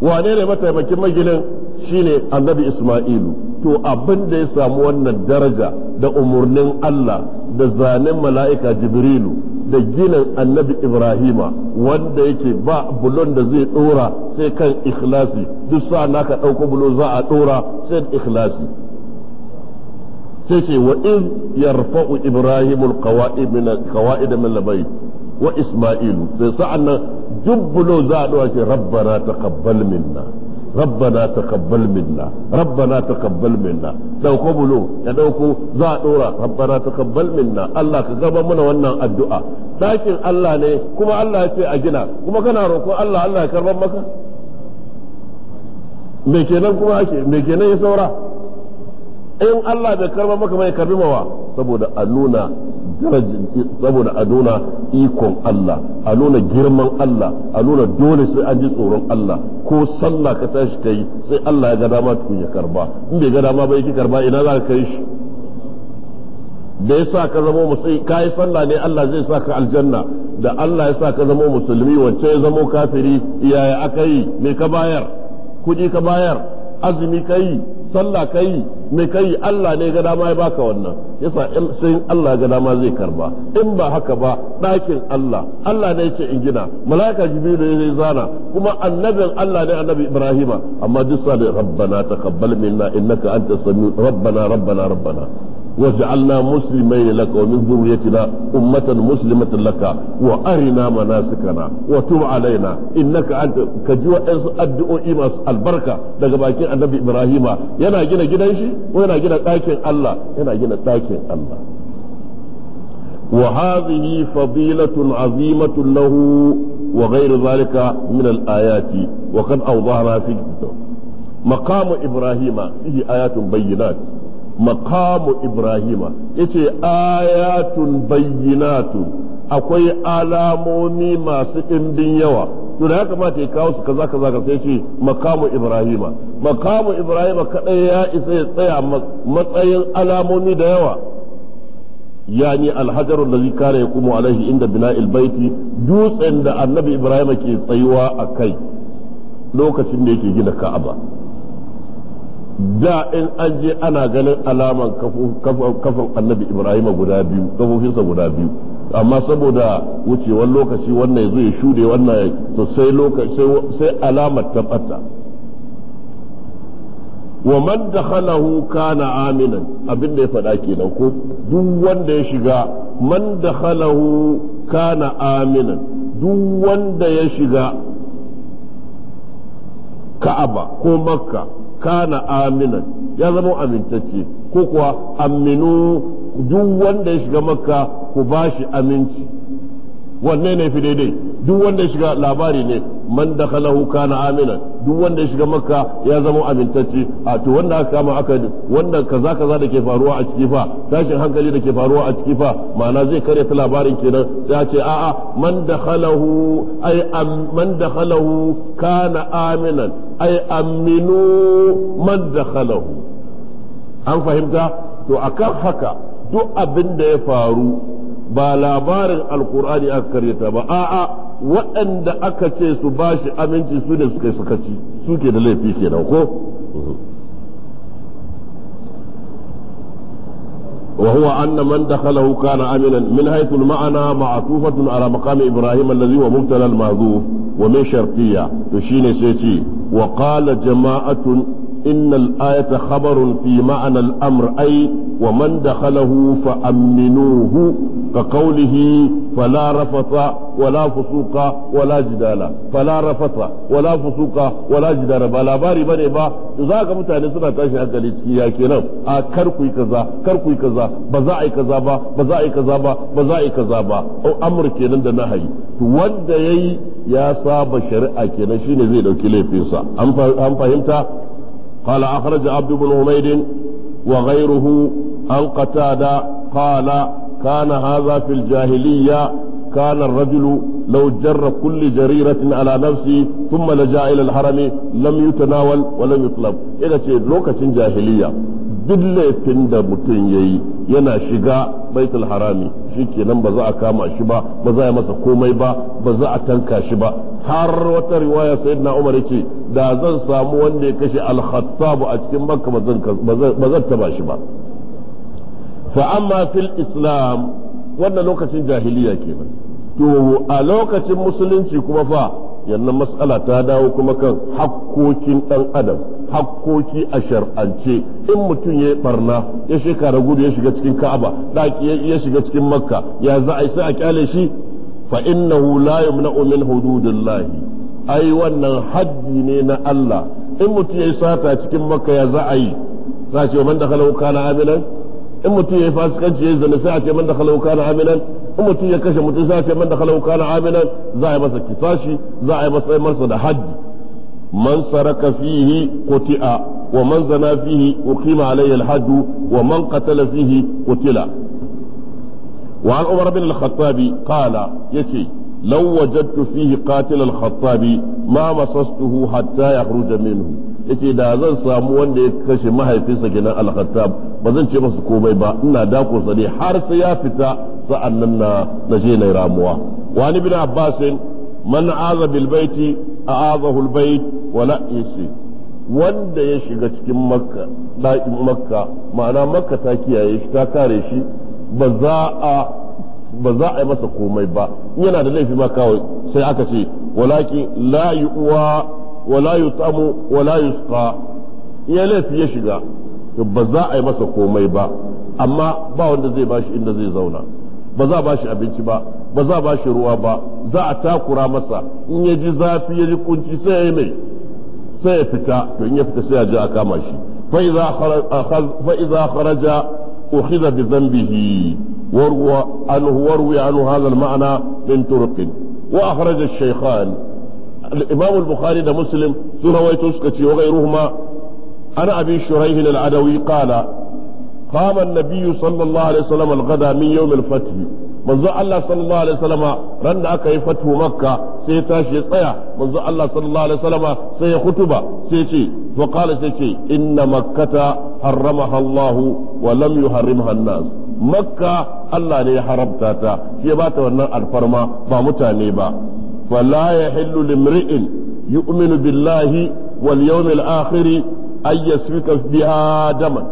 wane ne mataimakin maginin shine annabi isma'ilu to abin da ya samu wannan daraja da umarnin allah da zanen mala'ika jibrilu da ginin annabi ibrahima wanda yake ba bulon da zai ɗora sai kan ikhlasi duk sa na ka ɗauko bulo za a ɗora sai ikhlasi sai ce wa iz yarfa'u ibrahimul qawa'id min al wa isma'ilu sai sa'an nan dubbulo za a ɗora ce rabbana taqabbal minna rabbana taqabbal minna rabbana taqabbal minna dauko bulo ya dauko za a ɗora rabbana taqabbal minna Allah ka gaba mana wannan addu'a dakin Allah ne kuma Allah ce a gina kuma kana roƙo Allah Allah ya maka me kuma me ya saura in Allah bai karba maka mai saboda a nuna saboda a nuna ikon Allah a nuna girman Allah a nuna dole sai an ji tsoron Allah ko sallah ka tashi ka yi sai Allah ya ga dama tukun ya karba in bai ga dama ba yake karba ina za ka kai shi da ya sa ka zamo musulmi ka yi sallah ne Allah zai sa ka aljanna da Allah ya sa ka zamo musulmi wacce ya zamo kafiri iyaye aka yi me ka bayar kuɗi ka bayar azumi ka yi sallah kai mai kai Allah ne ga dama ya baka wannan yasa sai Allah ga dama zai karba in ba haka ba ɗakin Allah Allah ne ce in gina mala'ika jibilu ne zai zana kuma annabin Allah ne annabi Ibrahima amma duk sa rabbana taqabbal minna innaka antas samiu rabbana rabbana rabbana وجعلنا مسلمين لك ومن ذريتنا أمة مسلمة لك وأرنا مناسكنا وتب علينا إنك أنت كجوا أنس أدعو إيماس البركة daga bakin annabi Ibrahima yana gina gidan shi ko yana gina ɗakin Allah yana gina ɗakin Allah وهذه فضيلة عظيمة له وغير ذلك من الآيات وقد أوضحنا في مقام إبراهيم فيه آيات بينات maqamu ibrahima yace ayatun bayyinatun akwai alamomi masu ɗimbin yawa to ya kamata ya kawo su kaza kaza ka sai ce makamu ibrahima makamu ibrahima kadai ya isa ya tsaya matsayin alamomi da yawa yani alhajarun da zai kare ya kuma alaihi inda bina'il baiti dutsen da annabi ibrahima ke tsayuwa a kai lokacin da yake gina ka'aba da in an je ana ganin alaman kafan annabi ibrahima guda biyu kafofinsa guda biyu amma saboda wucewar lokaci wannan ya shude wannan to sai lokaci sai alamar ta bata wa man dakhalahu kana aminan abin da ya faɗa kenan ko duk wanda ya shiga man dakhalahu kana aminan duk wanda ya shiga ka'aba ko makka kana aminan ya zama amintacce ko kuwa aminu duk wanda ya shiga makka ku ba shi aminci wanne ne fi daidai duk wanda ya shiga labari ne man dakhalahu kana aminan duk wanda ya shiga makka ya zama amintacce a to wanda aka kama aka wanda kaza kaza da ke faruwa a ciki fa tashin hankali da ke faruwa a ciki fa ma'ana zai karya ta labarin kenan sai a ce a'a man dakhalahu ay man dakhalahu kana aminan ay aminu man dakhalahu an fahimta to akan haka duk abin da ya faru ba labarin alkur'ani aka karyata ba a'a waɗanda aka ce su bashi aminci su ne suka yi sakaci suke da laifi ke nan ko wa huwa anna man dakhalahu kana aminan min haythu al-ma'ana ma'tufatun ala maqami ibrahim alladhi wa mubtala al wa mai shartiyya to shine sai ce wa qala jama'atun إن الآية خبر في معنى الأمر أي ومن دخله فأمنوه كقوله فلا رفث ولا فسوق wala جدال فلا رفث ولا فسوق ولا جدال بلا باري بني با ذاك متعني سنة تاشي hankali ciki ya kenan a kar ku yi kaza kar ku kaza ba za a kaza ba ba za a kaza ba ba za a kaza ba au kenan da nahayi to wanda yayi ya saba shari'a kenan shine zai ɗauki laifinsa an fahimta قال أخرج عبد بن عمير وغيره عن قتادة قال كان هذا في الجاهلية كان الرجل لو جر كل جريرة على نفسه ثم لجا إلى الحرم لم يتناول ولم يطلب إذا شيء لوكة جاهلية da mutum ya yi yana shiga baitul harami shi kenan ba za a kama shi ba ba za a masa komai ba ba za a tanka shi ba har wata riwaya sayyidina umar ya ce da zan samu wanda ya kashe al a cikin maka ba zan taba shi ba fa amma islam wannan lokacin jahiliya ke kenan to a lokacin musulunci kuma fa yannan matsala ta dawo kuma kan hakkokin ɗan adam hakkoki a shar'ance in mutum ya yi barna ya shekara gudu ya shiga cikin ka'aba ɗaki ya shiga cikin makka ya za a sai a kyale shi fa innahu la yumna'u min hududillahi ai wannan haddi ne na Allah in mutum ya yi sata cikin makka ya za a yi za a ce wa man dakhala kana aminan in mutum ya yi fasikanci ya zane sai a ce man da kalau kana aminan in mutum ya kashe mutum sai a ce man da kalau kana aminan za a yi masa kisashi za a yi masa masa da hajji. man saraka fihi kuti'a wa man zana fihi uqima alayhi al wa man qatala fihi qutila wa an umar bin al-khattabi qala yace لو وجدت فيه قاتل الخطاب ما مسسته حتى يخرج منه yace da zan samu wanda ya kashe mahaifinsa kenan al ba zan ce masa komai ba ina dako sa ne har sai ya fita sa'annan na na je na ramuwa wani bin abbas man aza bil baiti a'azahu al-bait wa la yasi wanda ya shiga cikin makka dakin makka ma'ana makka ta kiyaye shi ta kare shi ba za a ba za a yi masa komai ba yana da laifi ma kawai sai aka ce walakin la yu'wa wala yutamu wala yusqa ya laifi ya shiga ba za a yi masa komai ba amma ba wanda zai bashi inda zai zauna ba za a bashi abinci ba ba za a bashi ruwa ba za a takura masa in ya ji zafi ya ji kunci sai ya yi mai sai ya fita to in ya fita sai ya a kama shi fa'iza kharaja ukhidha bi dhanbihi وروى عنه وروي عنه هذا المعنى من imam al-bukhari da muslim su rawaito suka ce wa ghayruhuma ana abi shurayh al-adawi qala qama an-nabiy sallallahu alaihi wasallam al-ghada min yawm al-fath manzo Allah sallallahu alaihi wasallama ran da aka yi fatu makka sai ya tashi ya tsaya manzo Allah sallallahu alaihi wasallama sai ya kutuba sai ce wa qala sai ce inna makkata harramaha Allah wa lam yuharrimha an makka Allah ne ya haramta ta shi ya bata wannan alfarma ba mutane ba فلا يحل لامرئ يؤمن بالله واليوم الآخر أن يسفك بها دما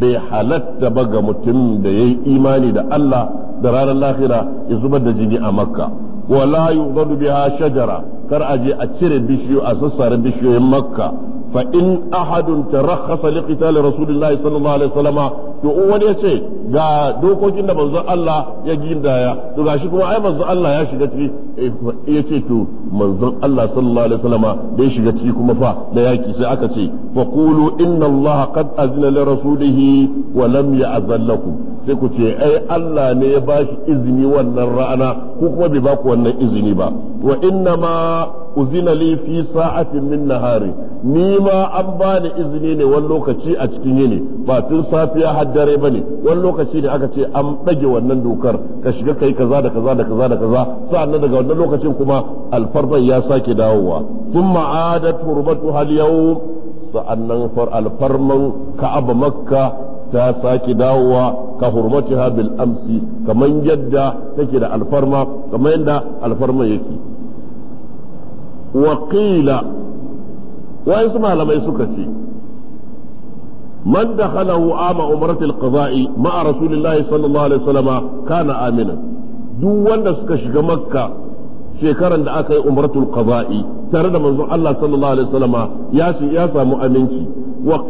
bai halatta ba ga mutum da ya yi imani da Allah da ranar lahira ya zubar da jini a makka wala yughadu biha shajara kar a je a cire bishiyo a sassare bishiyoyin makka fa in ahadun tarakhasa li qital rasulillahi sallallahu alaihi wasallama to in wani ya ce ga dokokin da manzon Allah ya gindaya to gashi kuma ai manzon Allah ya shiga ciki eh, ya ce to manzon Allah sallallahu alaihi wasallama da ya shiga ciki kuma fa da yaki sai aka ce fa qulu inna Allah qad azina li rasulihi wa lam ya'zal lakum sai ku ce ai Allah ne ya bashi izini wannan rana ko kuma bai baku wannan izini ba wa inna ma uzina li fi sa'atin min nahari ni ma an bani izini ne wani lokaci a cikin yini ba tun safiya har dare ba ne wani lokaci ne aka ce an ɗage wannan dokar ka shiga kai kaza da kaza da kaza da kaza sa'annan daga wannan lokacin kuma alfarman ya sake dawowa tun adat hurmatu hal yawm sa'annan far alfarman ka'aba makka ta sake dawowa ka hurmaci bil amsi kaman yadda take da alfarma kaman yadda alfarma yake wa su malamai suka ce man dakhalahu ama umratil qada'i ma'a rasulillahi sallallahu alaihi wasallam kana amina duk wanda suka shiga makka shekarar da aka yi umratul qada'i tare da manzon Allah sallallahu alaihi wasallam ya ya samu aminci wa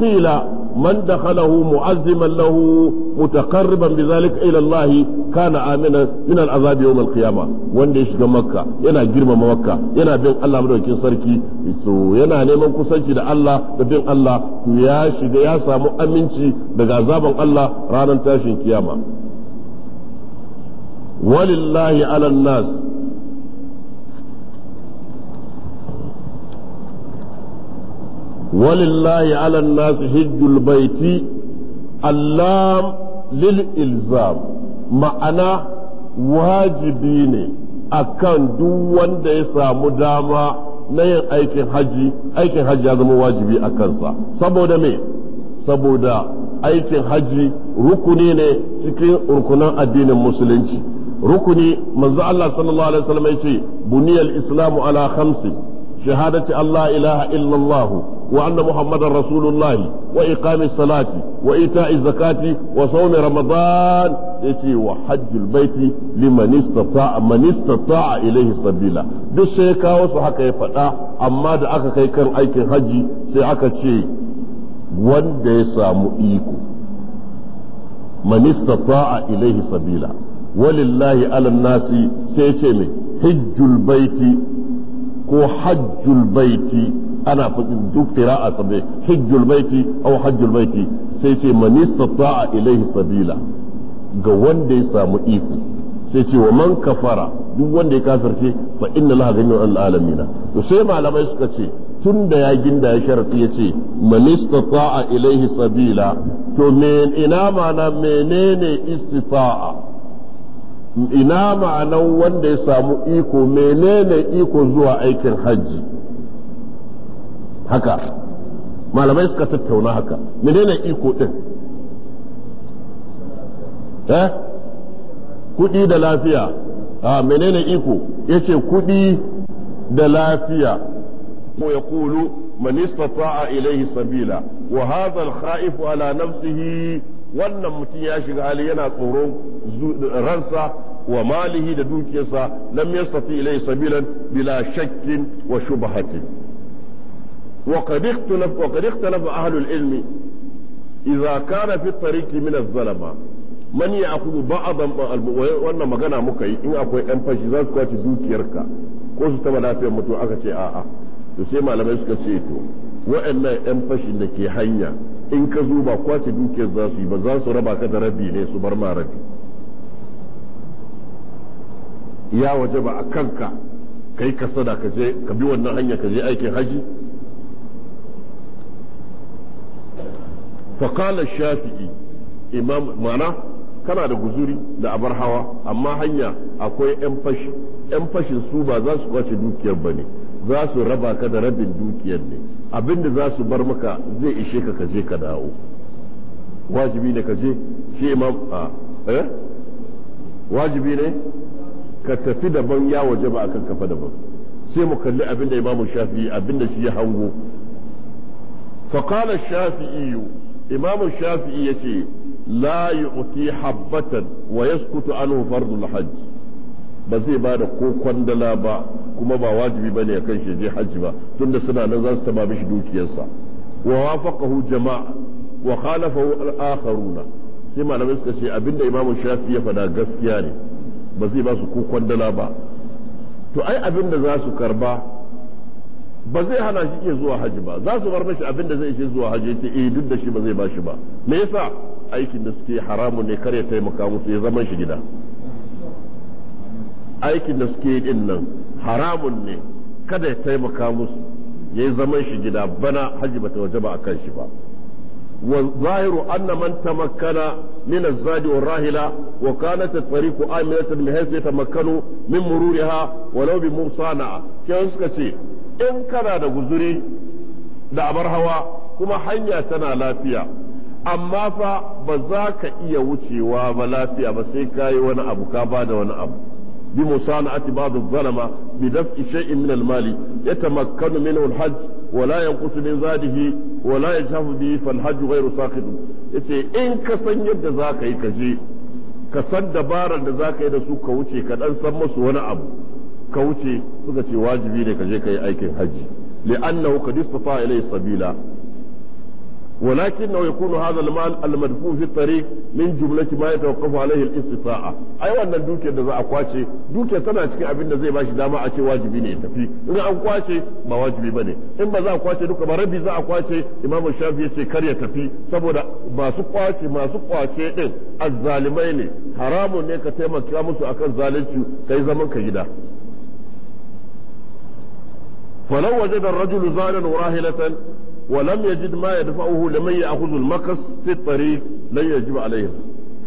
man dakhalahu mu'azziman lahu mutaqarriban bidhalik ila Allah kana amina min al'azab yawm al-qiyamah wanda ya shiga makka yana girmama makka yana bin Allah madaukakin sarki so yana neman kusanci da Allah da bin Allah ya shiga ya samu aminci daga zaben Allah ranar tashin kiyama walillahi 'alan nas walillahi ala nasu hijjul baiti allam lil ilzam ma'ana wajibi ne akan duk wanda ya samu dama na yin aikin haji aikin haji ya zama wajibi a kansa saboda me saboda aikin haji rukuni ne cikin rukunan addinin musulunci rukuni manzo Allah sallallahu alaihi wasallam ya ce buniyal islamu ala khamsi shahadati Allah ilaha illallah وأن محمدا رسول الله وإقام الصلاة وإيتاء الزكاة وصوم رمضان يتي وحج البيت لمن استطاع من استطاع إليه سبيلا duk sai kawo su haka ya faɗa amma da aka kai kan aikin haji sai aka ce wanda ya samu iko man istata'a ilaihi sabila walillahi ala nasi sai ce mai hijjul ko hajjul ana fadin duk qira'a sabai hajjul baiti aw hajjul baiti sai ce man istata'a ilaihi sabila ga wanda ya samu iko sai ce wa man kafara duk wanda ya kafirce fa inna laha ganiyun alalamina to sai malamai suka ce tun da ya ginda ya sharaɗi ya ce istata'a ilaihi sabila to men ina ma'ana menene istita'a ina ma'anan wanda ya samu iko menene iko zuwa aikin hajji haka malamai suka tattauna haka menene iko din eh kudi da lafiya a ah, menene iko ce kudi da lafiya ko ya kulu man istata'a ilayhi sabila wa hadha al-kha'if ala nafsihi wannan mutum ya shiga hali yana tsoron ransa wa malihi da dukiyarsa lam yastati ilayhi sabilan bila shakkin wa shubhatin وقد اختلف وقد اختلف أهل العلم إذا كان في الطريق من الظلمة man ya akudu ba a wannan magana muka yi in akwai yan fashi za su kwace dukiyarka ko su taba lafiyar mutu aka ce a'a to sai malamai suka ce to wa'annan yan fashin da ke hanya in ka zo ba kwace dukiyar za su yi ba za su raba ka da rabi ne su bar ma rabi ya waje ba a kanka kai ka sada ka je ka bi wannan hanyar ka je aikin haji faƙalar shafi'i imam kana da guzuri da abar hawa amma hanya akwai 'yan fashin su ba za su kwace dukiyar ba ne za su raba ka da rabin dukiyar ne abinda za su bar maka zai ishe ka je ka dawo wajibi ne ka je shi imam wajibi ne ka tafi daban ya waje ba akan kafa daban sai mu kalli abinda imamu shafi'i abinda shi ya hango فقال الشافعي imamu shafi'i ya ce la yu'ti habbatan wa yaskutu anhu fardul hajj ba zai ba da ko kwandala ba kuma ba wajibi bane ya kan shi je hajji ba tunda suna nan za su taba mishi dukiyarsa wa wafaqahu jama'a wa khalafahu al-akharuna sai malamai suka ce abinda imamu shafi'i ya fada gaskiya ne ba zai ba su ko kwandala ba to ai abinda za su karba ba zai hana shi iya zuwa haji ba za su bar mashi abin da zai ce zuwa haji ce eh duk da shi ba zai ba shi ba me yasa aikin da suke haramun ne kar ya taimaka musu ya zama shi gida aikin da suke din nan haramun ne kada ya taimaka musu ya yi zaman shi gida bana haji ba ta waje ba a kan shi ba wa أن wa تمكن من الزاد والراهلة وكانت الطريق آمنة بحيث يتمكنوا من مرورها ولو suka ce in kana da guzuri da abar hawa kuma hanya tana lafiya amma fa ba za ka iya wucewa ba lafiya ba sai ka yi wani abu ka ba da wani abu bi musana'ati ba'd zalama bi daf'i shay'in min al-mali yatamakkanu min al-hajj wa la yanqusu min zadihi wa la yajhafu bihi fal-hajj ghayru saqit yace in ka san yadda za ka yi ka je ka san dabarar da za ka yi da su ka wuce ka dan san musu wani abu ka wuce suka ce wajibi ne ka je ka yi aikin haji li'annahu qad istata ilayhi sabila ولكنه kunu هذا المال المدفوع في min من جملة ما يتوقف عليه الاستطاعة أي wannan dukiyar da za a kwace dukiyar tana cikin abin da zai bashi dama a ce wajibi ne ya tafi in an kwace ba wajibi bane in ba za a kwace duka ba rabi za a kwace Imam Shafi yace kar ya tafi saboda masu kwace masu kwace din azzalimai ne haramun ne ka taimaka musu akan zalunci kai zaman ka gida فلو وجد الرجل زانا وراهلة ولم يجد ما يدفعه لمن يأخذ المكس في الطريق لن يجب عليهم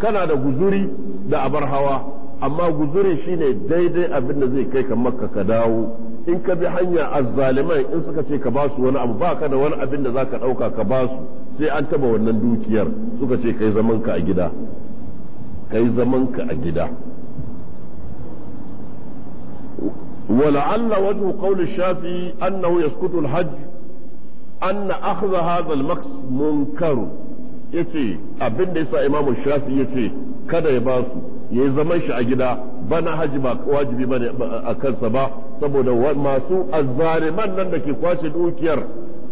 kana da guzuri da abar hawa amma guzuri shine daidai abin da zai kai ka makka ka dawo in ka bi hanya azzaliman in suka ce ka basu wani abu ba ka da wani abin da zaka ɗauka ka basu sai an taba wannan dukiyar suka ce kai zaman ka a gida kai zaman ka a gida ولعل وجه قول الشافعي أنه يسقط الحج أن أخذ هذا المكس منكر yace abin da yasa imamu shafi yace kada ya basu su ya zaman shi a gida bana haji ba wajibi bane a kansa ba saboda masu azzaliman nan da ke kwace dukiyar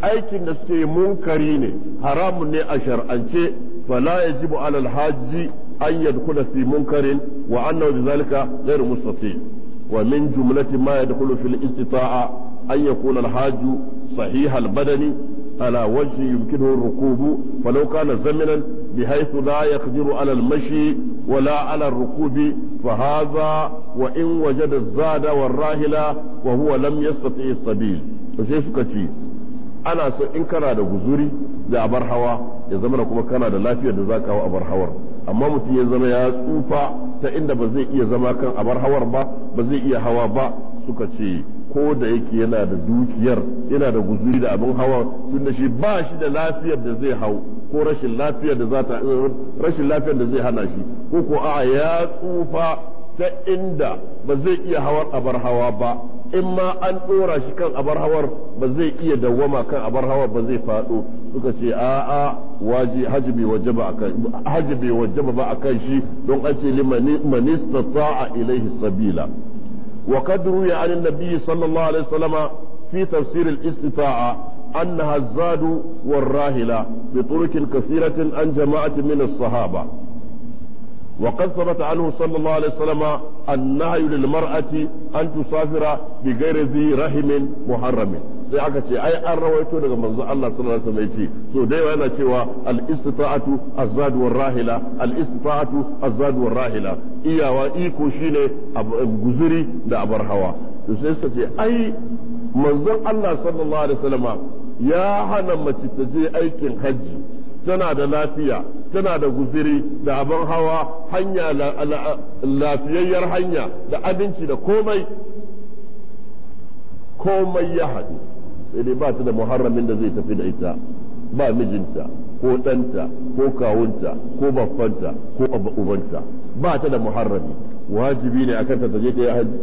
aikin da suke munkari ne haramun ne a shar'ance fala ya ji haji an yadkhula fi munkarin wa annahu zai ghairu mustati' ومن جملة ما يدخل في الاستطاعة أن يكون الحاج صحيح البدن على وجه يمكنه الركوب فلو كان زمنا بحيث لا يقدر على المشي ولا على الركوب فهذا وإن وجد الزاد والراهلة وهو لم يستطيع السبيل فشي سكتي أنا سو إن كان هذا غزوري da abar hawa ya zama da kuma kana da lafiyar da za ka hau abar hawar amma mutum ya zama ya tsufa ta inda ba zai iya zama kan abar hawar ba ba zai iya hawa ba suka ce ko da yake yana da dukiyar yana da guzuri da abin hawa tun da shi ba shi da lafiyar da zai hau ko rashin lafiyar da za ta rashin lafiyar da zai hana shi ko ko a ya tsufa ta inda ba zai iya hawan abar hawa ba in ma an ɗora shi kan abar hawar ba zai iya dawwama kan abar hawar ba zai faɗo suka ce a'a waji haji bai wajaba akan haji bai ba akan shi don an ce limani manistata'a ilaihi sabila wa qad ruya an nabi sallallahu alaihi wasallama fi tafsir al-istita'a annaha az-zadu war-rahila bi turukin an jama'atin min as-sahaba وقد ثبت عنه صلى الله عليه وسلم النهي للمرأة أن تسافر بغير ذي رحم محرم sai aka ce ai an rawaito daga manzo Allah sallallahu alaihi wasallam yace so dai yana cewa al istita'atu azad war rahila al istita'atu azad war rahila iyawa iko shine guzuri da abar hawa to sai suka ce ai manzon Allah sallallahu alaihi wasallama ya hana mace ta je aikin hajji tana da lafiya tana da guziri da abin hawa hanya lafiyayyar hanya da abinci da komai komai ya haɗu sai dai ba ta da muharramin da zai tafi da ita ba mijinta ko ɗanta ko kawunta ko baffanta ko ubanta ba ta da muharrami wajibi ne akan ta je ta yi hajji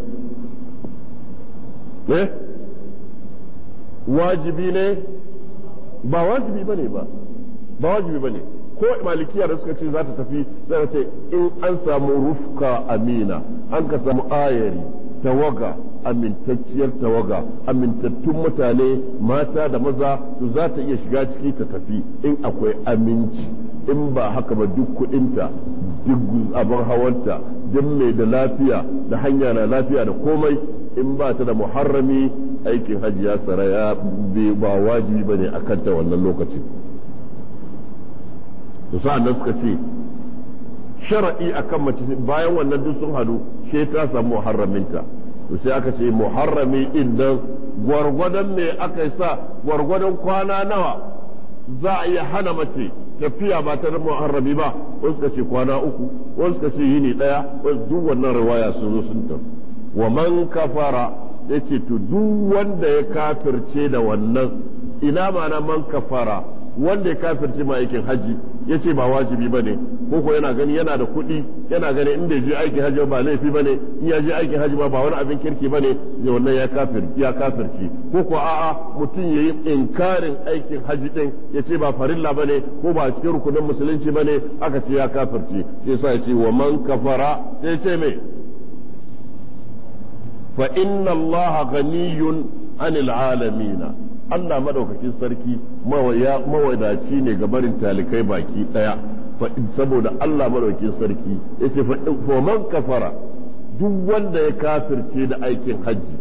eh wajibi ne ba wajibi ne ba ba wajibi ba ne. ko malikiya da suka ce za ta tafi zai ce in an samu rufka amina an ka samu ayari tawaga amintacciyar tawaga amintattun mutane mata da maza su za ta iya shiga ciki ta tafi in akwai aminci in ba haka ba duk kudinta duk abin hawanta duk mai da lafiya da hanya na lafiya da komai in ba ta da muharrami aikin hajji ya saraya ba wajibi ba ne a kanta wannan lokacin da sa'an nan suka ce shara'i akan mace bayan wannan duk sun hadu sai ta samu muharraminta to sai aka ce muharrami din nan gwargwadon me aka sa gwargwadon kwana nawa za a iya hana mace tafiya ba ta da muharrami ba wasu suka ce kwana uku wasu suka ce yini daya wasu duk wannan riwaya sun zo sun tafi wa man kafara yace to duk wanda ya kafirce da wannan ina ma na man kafara wanda ya kafirce ma aikin haji ya ce ba wajibi ba ne ko yana gani yana da kuɗi yana gani inda je aikin haji ba laifi ba ne in ya je aikin haji ba ba wani abin kirki ba ne ya wannan ya kafir kafirce ko ko a'a mutum ya yi inkarin aikin haji din ya ce ba farilla ba ne ko ba cikin rukunin musulunci ba ne aka ce ya kafirce sai sa ya ce wa man kafara sai ce me fa inna allaha ghaniyun anil alamina Allah madaukakin sarki mawadaci ne ga barin talikai baki daya saboda Allah madaukakin sarki yace fa man kafara duk wanda ya kafirce da aikin hajji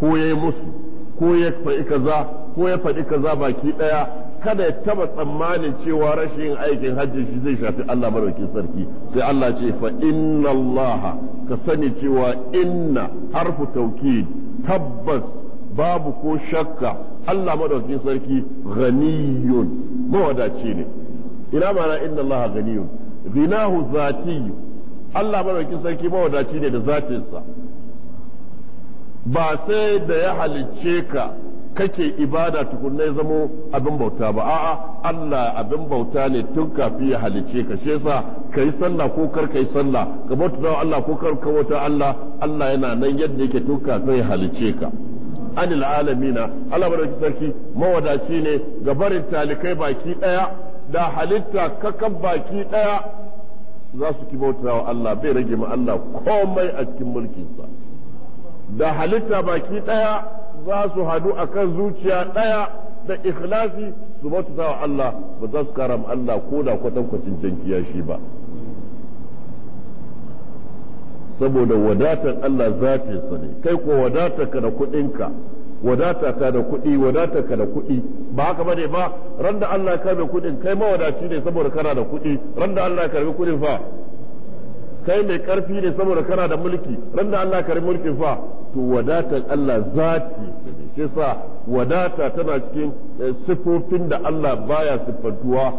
ko yayi musu ko ya faɗi kaza ko ya faɗi kaza baki daya kada ya taba tsammanin cewa rashin aikin hajji shi zai shafi Allah madaukakin sarki sai Allah ce fa inna Allah ka sani cewa inna harfu tawkid tabbas babu ko shakka Allah madaukakin sarki ghaniyun mawadaci ne ina mana inna Allah ghaniyun ghinahu zati. Allah madaukakin sarki mawadaci ne da zatinsa ba sai da ya halicce ka kake ibada tukunna ya zamo abin bauta ba a'a Allah abin bauta ne tun kafi ya halice ka shi yasa kai sallah ko kar kai sallah ka bauta Allah ko kar ka bauta Allah Allah yana nan yadda yake tun kafi ya halice ka anil alamina Allah madaukakin sarki mawadaci ne ga barin talikai baki daya da halitta kakan baki daya za su ki Allah bai rage ma Allah komai a cikin mulkinsa da halitta baki daya za su hadu akan zuciya daya da ikhlasi su bauta wa Allah ba za su kara ma Allah ko da kwatankwacin jan shi ba saboda wadatar Allah zatinsa ne kai ko wadatar ka da kuɗinka wadata ka da kuɗi wadata ka da kuɗi ba haka bane ba ran da Allah ka mai kuɗin kai mawadaci ne saboda kana da kuɗi ran da Allah ka karbe kuɗin fa kai mai karfi ne saboda kana da mulki ran da Allah ka karbe mulkin fa to wadatar Allah ne shi sa wadata tana cikin eh, sifofin da Allah baya siffantuwa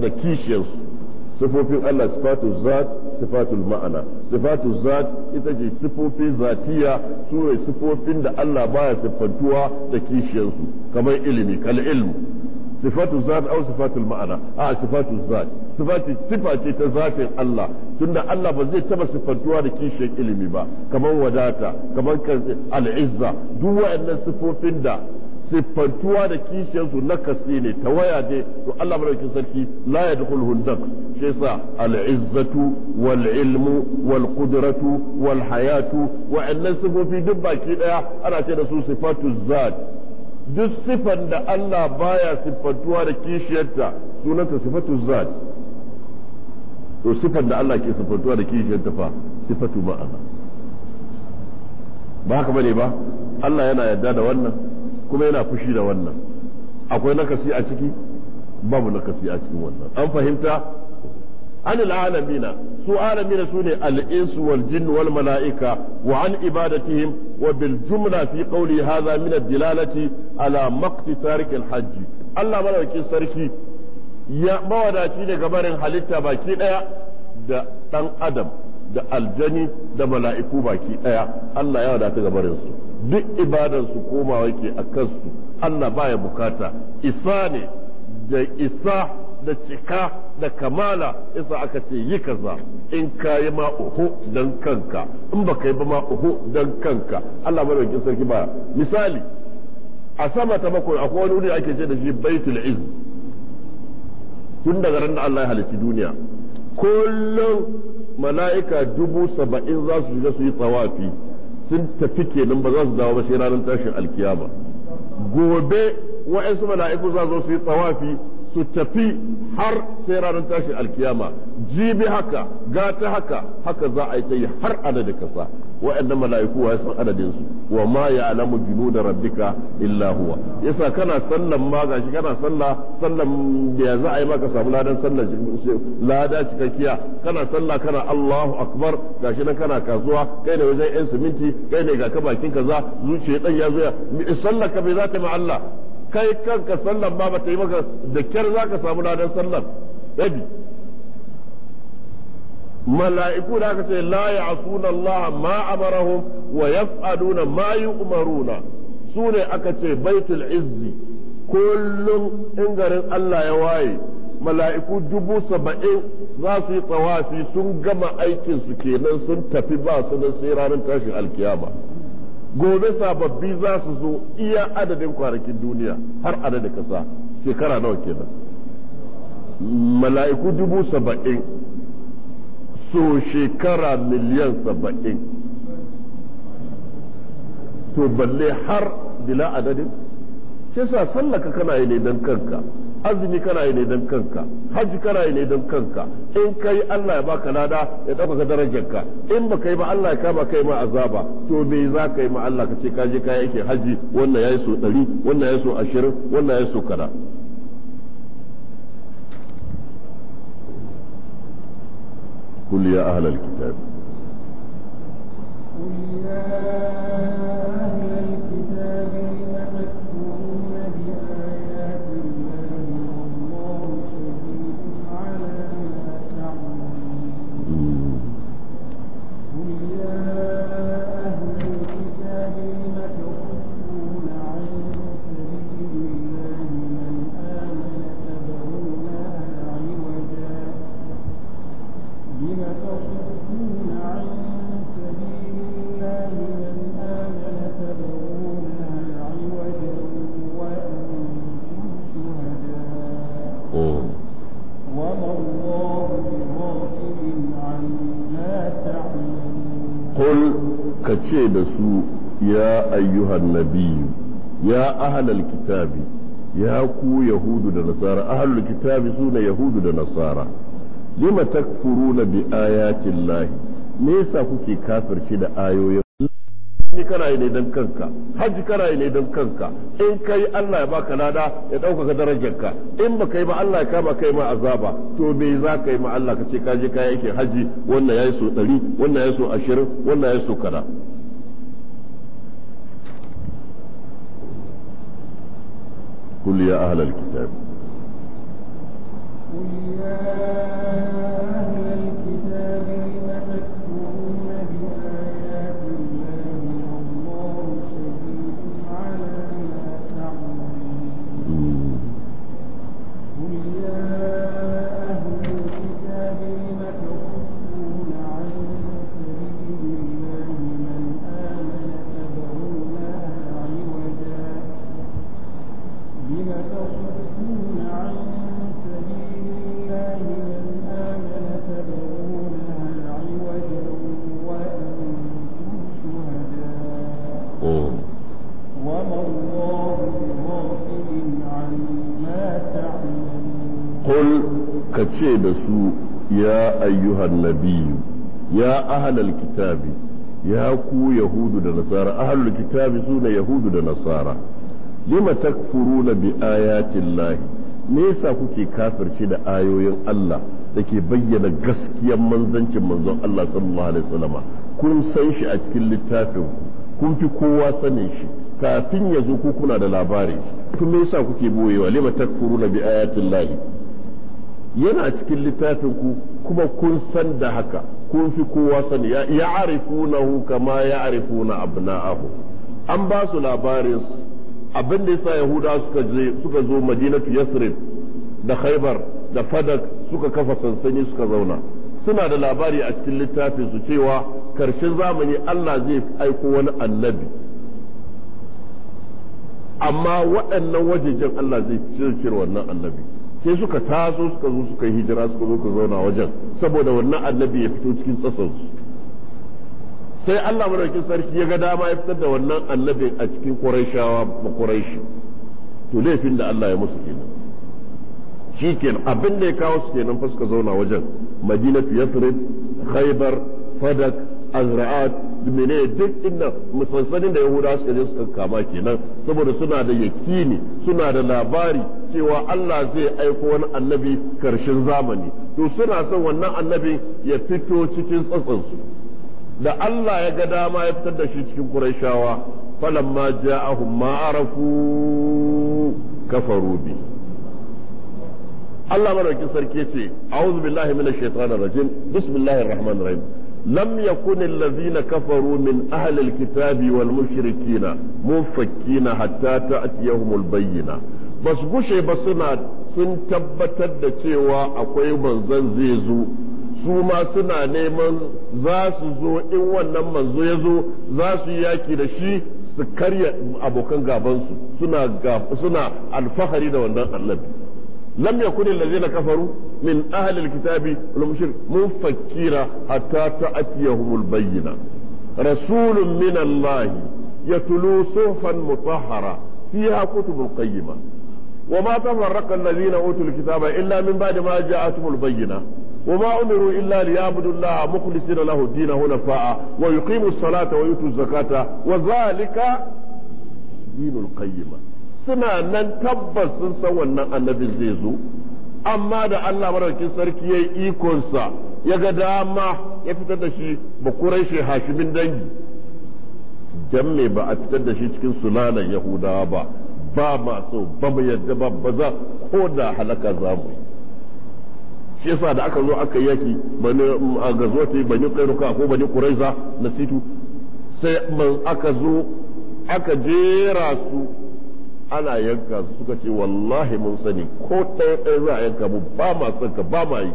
da kishiyarsu sifofin Allah sifatu zat sifatul ma'ana sifatu zat ita ce sifofi zatiya su ne sifofin da Allah baya siffantuwa da kishiyarsu kamar ilimi kal ilmu sifatu zat au sifatul ma'ana a sifatu zat sifati sifa ce ta zatin Allah tunda Allah ba zai taba sifantuwa da kishiyar ilimi ba kamar wadata kamar al duk waɗannan sufofin da siffantuwa da kishiyarsu na kasi ne ta waya ne to Allah madaukakin sarki la yadkhulhu naqs shi yasa al-izzatu wal ilmu wal qudratu wal hayatu wa'annan sifofi duk baki daya ana ce da su sifatu zat duk sifan da Allah baya siffantuwa da kishiyarta sunanta sifatu zat to sifan da Allah ke siffantuwa da kishiyarta fa sifatu ma'ana ba haka bane ba Allah yana yarda da wannan kuma yana fushi da wannan akwai nakasi a ciki babu nakasi a cikin wannan an fahimta an alamina su alamina su ne al'insu wal jin mala'ika wa an ibadatihim wa bil jumla fi qawli hadha min ad ala maqti tarik al hajj Allah madaukin sarki ya mawadaci ga barin halitta baki ɗaya da dan adam da aljani da mala'iku baki ɗaya. Allah ya wadata ga barin su duk ibadar su komawa ke a kansu Allah baya bukata isa ne da isa da cika da kamala isa aka ce yi kaza in ka yi ma uhu dan kanka in baka yi ba ma uhu dan kanka Allah madaukakin sarki ba misali a sama ta bakwai akwai wani wuri ake ce da shi baitul izz tun daga ran da Allah ya halici duniya kullum mala'ika dubu saba'in za su shiga su yi tsawafi sun tafi kenan ba za su dawo ba sai ranar tashin alkiyama gobe wayansu mala'iku za su yi tsawafi su tafi har sai ranar tashin alkiyama jibi haka gata haka haka za a yi ta yi har adadin kasa wa'annan mala'iku wa san adadin su wa ma ya ya'lamu da rabbika illa huwa yasa kana sallan ma gashi kana salla sallan da ya za a yi maka samu ladan sallan shi lada cikakkiya kana salla kana Allahu akbar gashi nan kana kasuwa kai ne wajen yan siminti kai ne ga ka bakin kaza zuciya dan ya zo ya sallar ka bai za ta ma Allah kai kanka sallan ma bata yi maka da kyar za ka samu ladan sallan rabi mala'iku da aka ce la a Allah ma amarahum wa yaf'aluna ma yu'maruna su ne aka ce baitul izzi kullum in garin Allah ya waye mala'iku dubu saba'in za su yi tsawafi sun gama aikinsu kenan sun tafi ba su da sai ranar tashin alkiyama gobe sababbi za su zo iya adadin kwanakin duniya har adadin kasa shekara nawa kenan mala'iku dubu saba'in so shekara miliyan saba'in to balle har bila adadin shi sa sallaka kana yi ne don kanka azumi kana yi ne don kanka hajji kana yi ne don kanka in ka yi Allah ya baka lada ya ɗaukaka ka in ba yi ba Allah ya kama kai ma azaba to me za ka yi ma Allah ka ce ka je ka yake hajji wannan ya yi so ɗari wannan ya yi so ashirin wannan yi so kada. قل يا أهل الكتاب قل يا su ya ayyuhan nabiyyu ya ahlal kitabi ya ku yahudu da nasara ahalul kitabi su sune yahudu da nasara lima takfuruna bi ayatin lahi me yasa kuke kafirci da ayoyin ni kana yi ne don kanka, haji kana yi ne don kanka, in kai Allah ya baka lada ya ɗaukaka ka in ba kai ba Allah ya kama kai ma azaba, to me za ka yi ma Allah ka ce ka je ka yake haji wannan ya yi so 100 wannan ya so ashirin, wannan ya so kada. قل يا أهل الكتاب قل يا يا أيها النبي يا أهل الكتاب يا كو يهود ونصارى أهل الكتاب سون يهود ونصارى لم تكفرون بآيات الله me yasa kuke kafirce da ayoyin Allah da ke bayyana gaskiyar manzancin manzon Allah sallallahu alaihi wasallama kun san shi a cikin littafin kun fi kowa sanin shi kafin ya zo ku kuna da labari kun me yasa kuke boyewa lima takfuruna bi ayatin lahi yana cikin littafin ku kuma kun san da haka kun fi kowa sani ya arifunahu kama ya arifuna abna'ahu an ba su labarin abin da yasa yahuda suka je suka zo madinatu yasrib da khaybar da fadak suka kafa sansani suka zauna suna da labari a cikin littafin su cewa karshen zamani Allah zai aiko wani annabi amma waɗannan wajejen Allah zai cire wannan annabi sai suka taso suka zo suka yi hijira suka zo ka zauna wajen saboda wannan annabi ya fito cikin tsasansu sai Allah madaukakin sarki ya ga dama ya fitar da wannan annabi a cikin Qurayshawa ba Qurayshi to laifin da Allah ya musu kenan shikenan abin da ya kawo su kenan fa suka zauna wajen madina Yathrib Khaybar Fadak azra'at mene duk inda musansanin da yahudawa suka je suka kama kenan saboda suna da yakini suna da labari cewa Allah zai aiko wani annabi karshen zamani to suna son wannan annabi ya fito cikin tsatsansu da Allah ya ga dama ya fitar da shi cikin Qurayshawa falamma ja'ahum ma arafu kafaru bi Allah madaukin sarki ce a'udhu billahi minash shaitanir rajim bismillahir rahmanir rahim لم يكن الذين كفروا من أهل الكتاب والمشركين منفكين حتى تأتيهم البينة ba su gushe ba suna sun tabbatar da cewa akwai manzon zai zo su ma suna neman za su zo in wannan manzo ya zo za su yaki da shi su karya abokan gabansu suna alfahari da wannan annabi lam yakun allazina kafaru min ahli alkitabi wal mushrik munfakira hatta ta'tiyahumul bayyana. rasulun min allahi yatlu suhfan mutahhara fiha kutubun qayyimah وما تفرق الذين أوتوا الكتاب إلا من بعد ما جاءتهم البينة وما أمروا إلا ليعبدوا الله مخلصين له الدين هنفاء ويقيموا الصلاة ويؤتوا الزكاة وذلك دين القيمة suna nan tabbas sun san wannan annabin zai zo amma da Allah mararkin sarki ya yi ikonsa ya ga dama ya fitar da shi ba kurai shi hashimin dangi dan me ba a fitar da shi cikin sulalan yahudawa ba ba ma so ba mu yadda ba ba za ko da halaka za mu yi shi yasa da aka zo aka yaki bani mm, a gazwati bani kairuka ko bani kuraiza na situ sai man aka zo aka jera su ana yanka su suka ce wallahi mun sani ko ɗaya ɗaya za a yanka mu ba ma son ka ba ma yi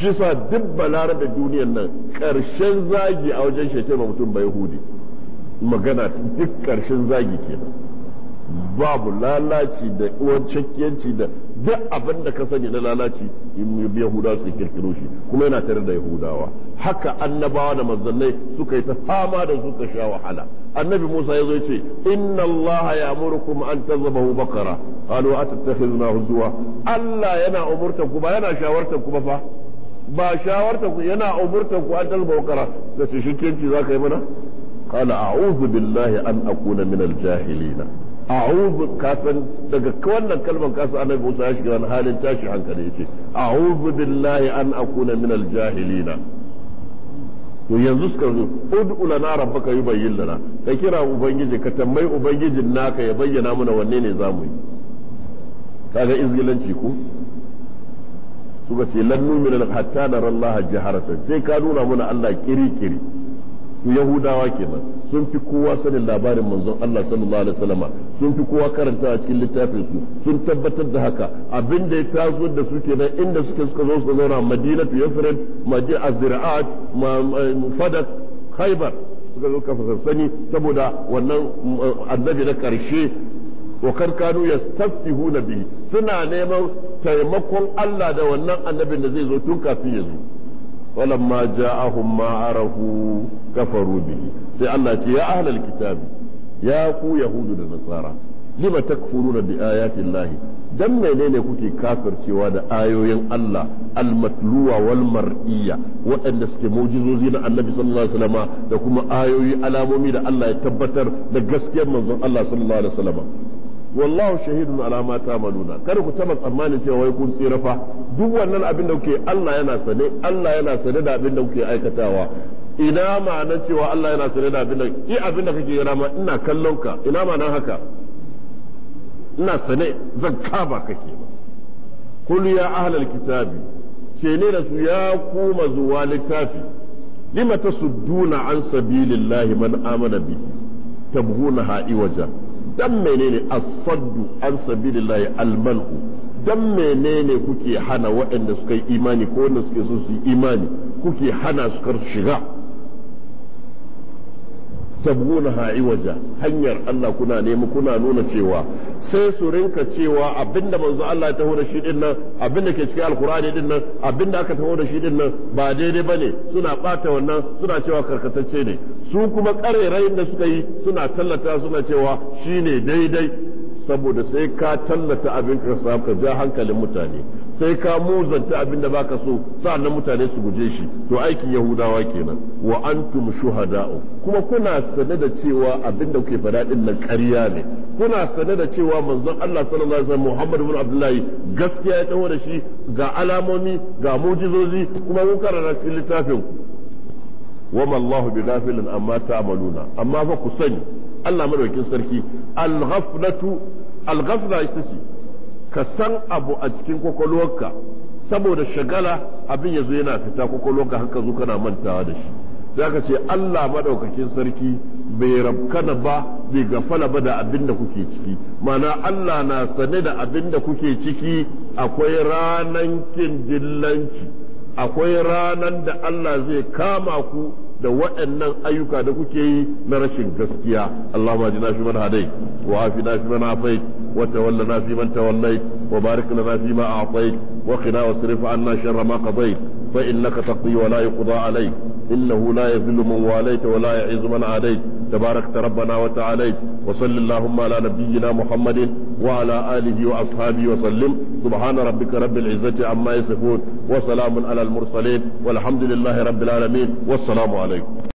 shi sa duk balara da duniyar nan ƙarshen zagi a wajen shi mutum ba yahudi magana duk ƙarshen zagi kenan babu lalaci da uwancakkiyanci da duk abin da ka sani na lalaci in yahuda su kirkiro shi kuma yana tare da yahudawa haka annabawa da manzannai suka yi ta fama da suka sha wahala annabi musa ya zo ce inna allaha ya'murukum an tazbahu bakara qalu atattakhizna huzwa allah yana umurtan ku ba yana shawartan ku ba fa ba shawartan ku yana umurtan ku an tazbahu bakara da shi shirkenci zaka yi mana qala a'udhu billahi an akuna minal jahilina a'udhu kasan daga wannan kalmar kasan annabi Musa ya shiga wani halin tashi hankali yace a'udhu billahi an akuna min al-jahilina to yanzu suka zo ud'u lana rabbaka yubayyin lana ka kira ubangiji ka tambayi ubangijin naka ya bayyana mana wanne ne zamu yi kaga izgilanci ku suka ce lan numina hatta nara Allah jaharatan sai ka nuna mana Allah kiri kiri su yahudawa kenan sun fi kowa sanin labarin manzon Allah sallallahu alaihi wasallam sun fi kowa karanta a cikin littafin su sun tabbatar da haka abinda da ya taso da su kenan inda suke suka zo su zauna madinatu yafrin madina azra'at fadak khaybar suka zo kafa sansani saboda wannan eh, annabi na karshe wa karkanu yastaftihuna bihi suna neman taimakon Allah da wannan annabin da zai zo tun kafin ya zo falamma ja'ahum ma arahu kafaru bihi sai Allah ce ya ahlal kitab ya ku yahudu da nasara lima takfuruna bi ayati Allah dan ne kuke kafircewa da ayoyin Allah almatluwa wal mar'iyya waɗanda suke mujizozi na Annabi sallallahu alaihi wasallama da kuma ayoyi alamomi da Allah ya tabbatar da gaskiyar manzon Allah sallallahu alaihi wasallama wallahu shahidun ala ma ta'maluna kada ku taba tsammanin cewa wai kun tsira fa duk wannan abin da kuke Allah yana sane Allah yana sane da abin da kuke aikatawa ina ma'anar cewa Allah yana sane da abin da ki abin da kake yana ma ina kallon ka ina ma'anar haka ina sane zan kaba kake ba kul ya ahlal kitabi ce ne da su ya kuma zuwa littafi lima sudduna an sabilillahi man amana bihi tabghuna ha'iwaja dan menene as-saddu an sabilillahi al dan menene kuke hana waɗanda suka yi imani ko wanda suke so su yi imani kuke hana su kar shiga tabghunaha iwaja hanyar Allah kuna nemi kuna nuna cewa sai su rinka cewa abinda manzo Allah ya taho da shi din nan abinda ke cikin alkurani din abinda aka taho da shi din ba daidai bane suna bata wannan suna cewa karkatacce ne su kuma karerayin da suka yi suna tallata suna cewa shine daidai saboda sai ka tallata abin ka ja hankalin mutane sai ka muzanta abin da baka so sa'annan mutane su guje shi to aikin yahudawa kenan wa antum shuhada'u kuma kuna sane da cewa abin da kuke faɗa din nan ƙarya ne kuna sane da cewa manzon Allah sallallahu alaihi wasallam Muhammad ibn Abdullahi gaskiya ya taho da shi ga alamomi ga mujizozi kuma mun karanta cikin littafin ku wama Allahu ghafilin amma ta'maluna amma fa ku sani Allah madaukin sarki al-ghaflatu al-ghafla ita ce ka san abu a cikin kwakwalwarka saboda shagala abin ya zo yana fita kwakwalwarka haka zo kana mantawa da shi za ka ce Allah maɗaukakin sarki bai rabkana ba bai gafala ba da abin da kuke ciki mana Allah na sane da abin da kuke ciki akwai ranan kin dillanci, akwai ranan da Allah zai kama ku da waɗannan ayyuka da kuke yi na rashin gaskiya Allah ma jina fi man hadai wa afi na fi man afai wa tawalla na fi man tawallai wa barik fi ma wa qina anna sharra ma qadait fa innaka taqdi wa la yuqda alayk innahu la yadhillu man walayta wa la yu'izzu man adayt تبارك ربنا Hallelujah